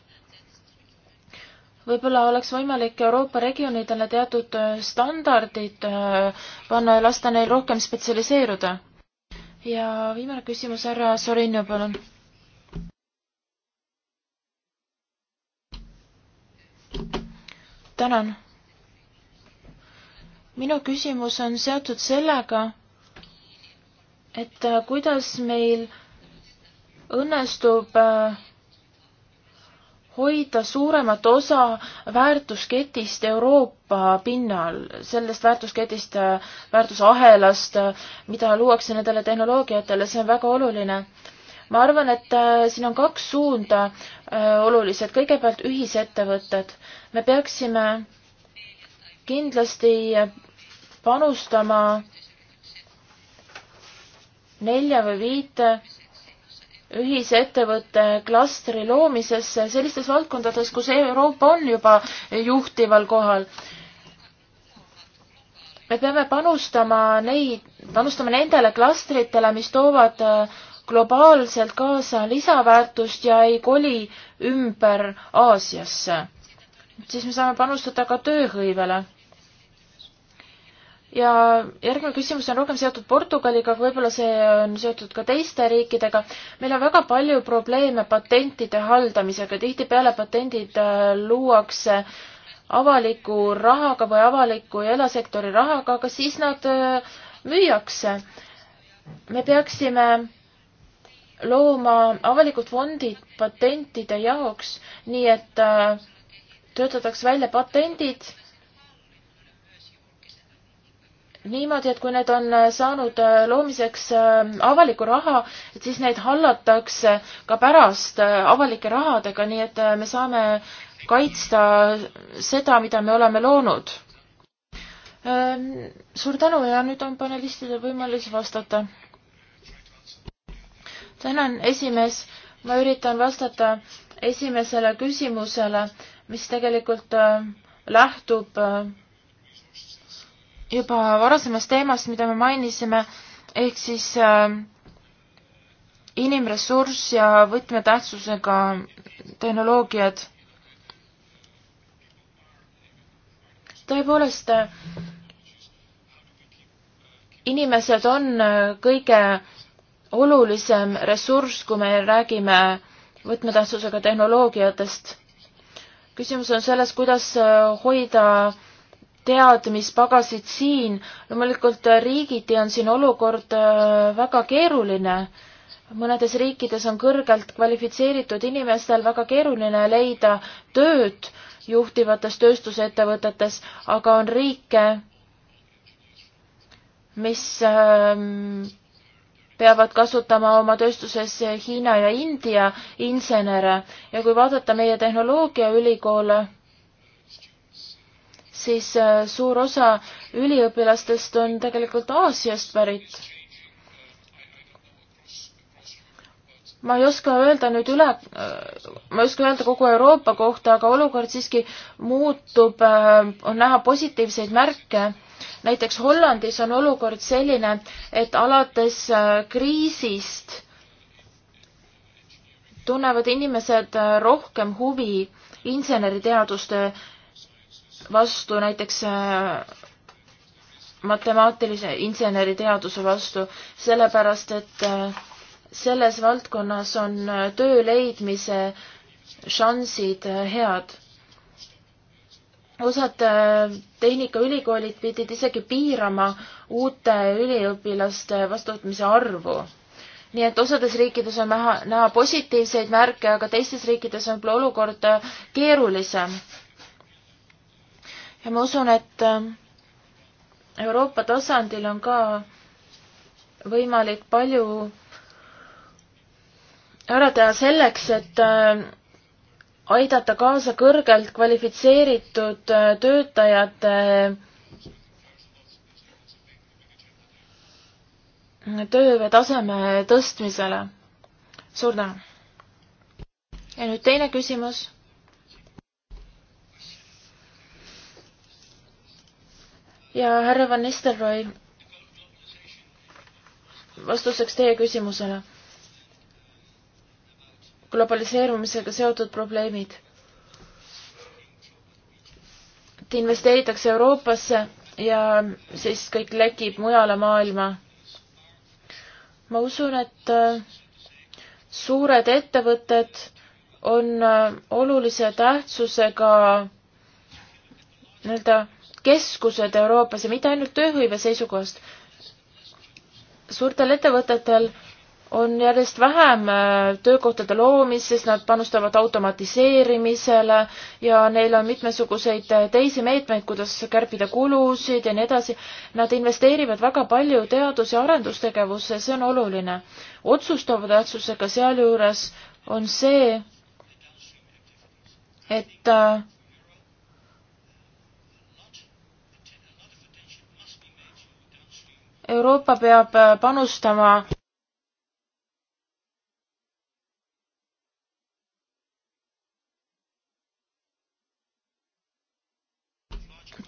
võib-olla oleks võimalik Euroopa regioonidele teatud standardid äh, panna ja lasta neil rohkem spetsialiseeruda. ja viimane küsimus, härra Sorinio, palun. tänan. minu küsimus on seotud sellega, et äh, kuidas meil õnnestub äh, hoida suuremat osa väärtusketist Euroopa pinnal, sellest väärtusketist, äh, väärtusahelast, mida luuakse nendele tehnoloogiatele, see on väga oluline. ma arvan, et siin on kaks suunda olulised, kõigepealt ühisettevõtted. me peaksime kindlasti panustama äh, nelja või viite ühisettevõtte klastri loomisesse sellistes valdkondades, kus Euroopa on juba juhtival kohal. me peame panustama neid, panustama nendele klastritele, mis toovad globaalselt kaasa lisaväärtust ja ei koli ümber Aasiasse. siis me saame panustada ka tööhõivele ja järgmine küsimus on rohkem seotud Portugaliga, aga võib-olla see on seotud ka teiste riikidega. meil on väga palju probleeme patentide haldamisega, tihtipeale patendid äh, luuakse avaliku rahaga või avaliku ja erasektori rahaga, aga siis nad äh, müüakse. me peaksime looma avalikud fondid patentide jaoks, nii et äh, töötataks välja patendid niimoodi, et kui need on äh, saanud äh, loomiseks äh, avalikku raha, et siis neid hallatakse ka pärast avalike rahadega, nii et me saame kaitsta seda, mida me oleme loonud. Ähm, suur tänu ja nüüd on panelistidel võimalus vastata. tänan, esimees. ma üritan vastata esimesele küsimusele, mis tegelikult lähtub äh, juba varasemast teemast, mida me mainisime, ehk siis äh, inimressurss ja võtmetähtsusega tehnoloogiad. tõepoolest, äh, inimesed on äh, kõige olulisem ressurss, kui me räägime võtmetähtsusega tehnoloogiatest. küsimus on selles, kuidas äh, hoida äh, teadmispagasid siin. loomulikult äh, riigiti on siin olukord äh, väga keeruline. mõnedes riikides on kõrgelt kvalifitseeritud inimestel väga keeruline leida tööd juhtivates tööstusettevõtetes, aga on riike, mis ähm, peavad kasutama oma tööstuses Hiina ja India insenere ja kui vaadata meie tehnoloogiaülikoole, siis äh, suur osa üliõpilastest on tegelikult Aasiast pärit. ma ei oska öelda nüüd üle, äh, ma ei oska öelda kogu Euroopa kohta, aga olukord siiski muutub, äh, on näha positiivseid märke näiteks Hollandis on olukord selline, et alates kriisist tunnevad inimesed rohkem huvi inseneriteaduste vastu, näiteks äh, matemaatilise inseneriteaduse vastu, sellepärast et äh, selles valdkonnas on äh, töö leidmise šansid head. osad tehnikaülikoolid pidid isegi piirama uute üliõpilaste vastuvõtmise arvu. nii et osades riikides on näha, näha positiivseid märke, aga teistes riikides on võib-olla olukord keerulisem ja ma usun, et äh, Euroopa tasandil on ka võimalik palju ära teha selleks, et äh, aidata kaasa kõrgelt kvalifitseeritud äh, töötajate töötaseme tõstmisele. suur tänu. ja nüüd teine küsimus ja härra Van Nistelrooy, vastuseks teie küsimusele. globaliseerumisega seotud probleemid. et investeeritakse Euroopasse ja siis kõik lekib mujale maailma. ma usun, et äh, suured ettevõtted on äh, olulise tähtsusega nii-öelda et keskused Euroopas ja mitte ainult tööhõive seisukohast. suurtel ettevõtetel on järjest vähem äh, töökohtade loomist, sest nad panustavad automatiseerimisele ja neil on mitmesuguseid äh, teisi meetmeid, kuidas kärpida kulusid ja nii edasi. Nad investeerivad väga palju teadus- ja arendustegevusse, see on oluline. otsustava tähtsusega sealjuures on see, et äh, Euroopa peab äh, panustama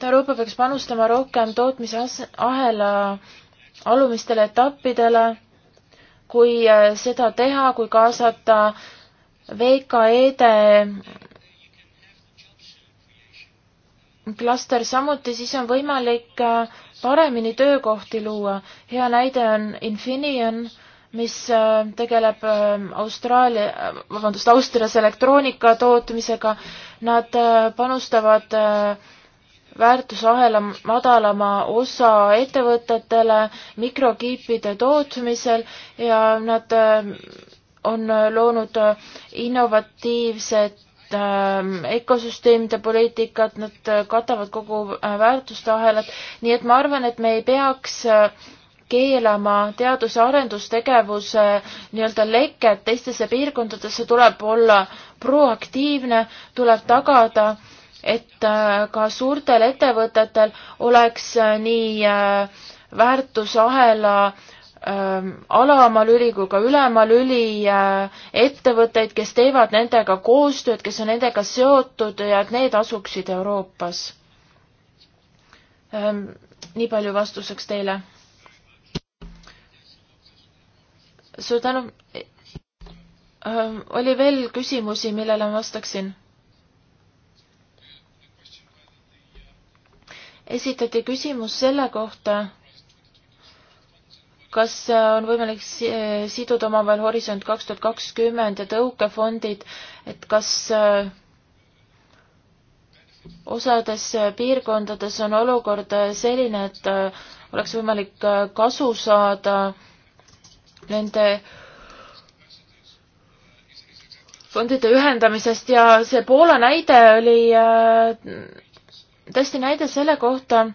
Euroopa peaks panustama rohkem tootmise ahela alumistele etappidele, kui äh, seda teha, kui kaasata VKE-de e klaster samuti, siis on võimalik äh, paremini töökohti luua. hea näide on Infineon, mis äh, tegeleb ähm, Austraalia, äh, vabandust, Austrias elektroonika tootmisega. Nad äh, panustavad väärtusahela madalama osa ettevõtetele mikrokiipide tootmisel ja nad on loonud innovatiivset Ähm, ökosüsteemide poliitikat, nad äh, katavad kogu äh, väärtuste ahelat, nii et ma arvan, et me ei peaks äh, keelama teadus- ja arendustegevuse nii-öelda leket teistesse piirkondadesse, tuleb olla proaktiivne, tuleb tagada, et ka suurtel ettevõtetel oleks nii väärtusahela Ähm, alamalüli kui ka ülemalüli äh, ettevõtteid, kes teevad nendega koostööd, kes on nendega seotud ja et need asuksid Euroopas. Ähm, nii palju vastuseks teile. suur tänu. Ähm, oli veel küsimusi, millele ma vastaksin? esitati küsimus selle kohta kas äh, on võimalik äh, siduda omavahel Horisont kaks tuhat kakskümmend ja tõukefondid, et kas äh, osades piirkondades on olukord selline, et oleks võimalik kasu saada nende fondide ühendamisest ja see Poola näide oli tõesti näide selle kohta,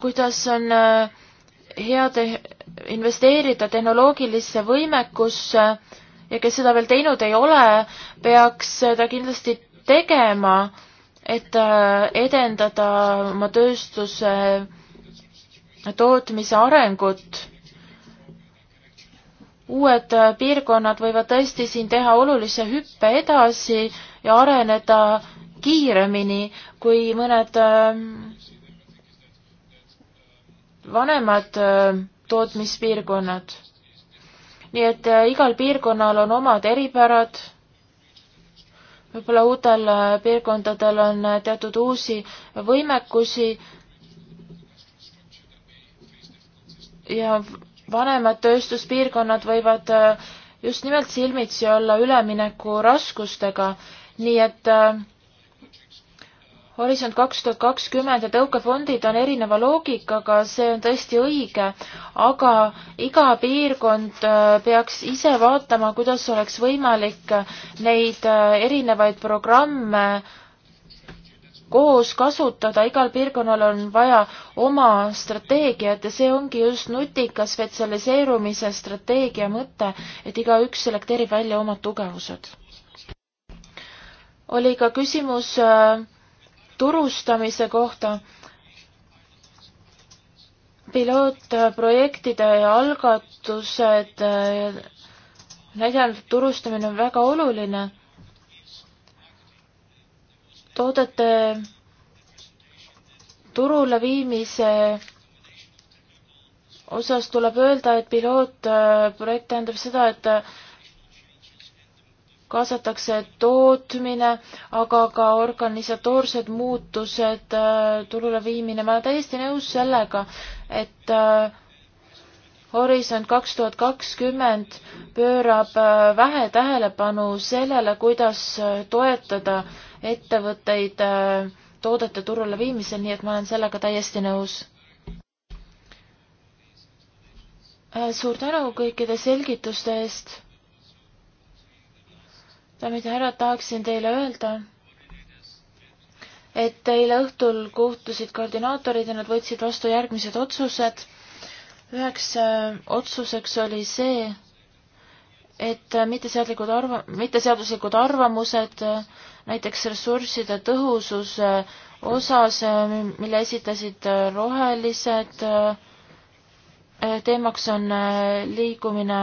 kuidas on äh, hea te-, investeerida tehnoloogilisse võimekusse ja kes seda veel teinud ei ole, peaks seda kindlasti tegema, et äh, edendada oma tööstuse äh, tootmise arengut. uued piirkonnad võivad tõesti siin teha olulise hüppe edasi ja areneda kiiremini kui mõned äh, vanemad äh, tootmispiirkonnad. nii et äh, igal piirkonnal on omad eripärad, võib-olla uutel äh, piirkondadel on teatud uusi võimekusi ja vanemad tööstuspiirkonnad võivad just nimelt silmitsi olla üleminekuraskustega, nii et äh, Horisont kaks tuhat kakskümmend ja tõukefondid on erineva loogikaga, see on tõesti õige, aga iga piirkond äh, peaks ise vaatama, kuidas oleks võimalik äh, neid äh, erinevaid programme koos kasutada, igal piirkonnal on vaja oma strateegiat ja see ongi just nutika spetsialiseerumise strateegia mõte, et igaüks selekteerib välja omad tugevused. oli ka küsimus äh, turustamise kohta. pilootprojektide algatused, näidanud turustamine on väga oluline. toodete turule viimise osas tuleb öelda, et pilootprojekt tähendab seda, et kaasatakse tootmine, aga ka organisatoorsed muutused, äh, turule viimine, ma olen täiesti nõus sellega, et äh, Horisont kaks tuhat kakskümmend pöörab äh, vähe tähelepanu sellele, kuidas toetada ettevõtteid toodete turule viimisel, nii et ma olen sellega täiesti nõus. suur tänu kõikide selgituste eest daamid ja härrad, tahaksin teile öelda, et eile õhtul kohtusid koordinaatorid ja nad võtsid vastu järgmised otsused. üheks äh, otsuseks oli see, et mitteseadlikud arva-, mitteseaduslikud arvamused, äh, näiteks ressursside tõhususe äh, osas, mille esitasid rohelised, teemaks on liikumine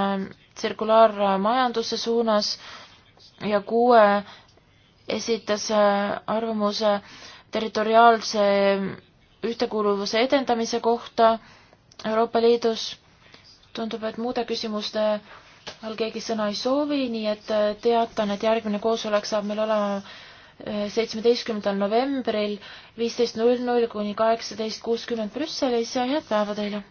tsirkulaarmajanduse suunas, ja kuue esitas äh, arvamuse territoriaalse äh, ühtekuuluvuse edendamise kohta Euroopa Liidus. tundub, et muude küsimuste all keegi sõna ei soovi, nii et äh, teatan, et järgmine koosolek saab meil olema seitsmeteistkümnendal novembril viisteist null null kuni kaheksateist kuuskümmend Brüsselis ja head päeva teile!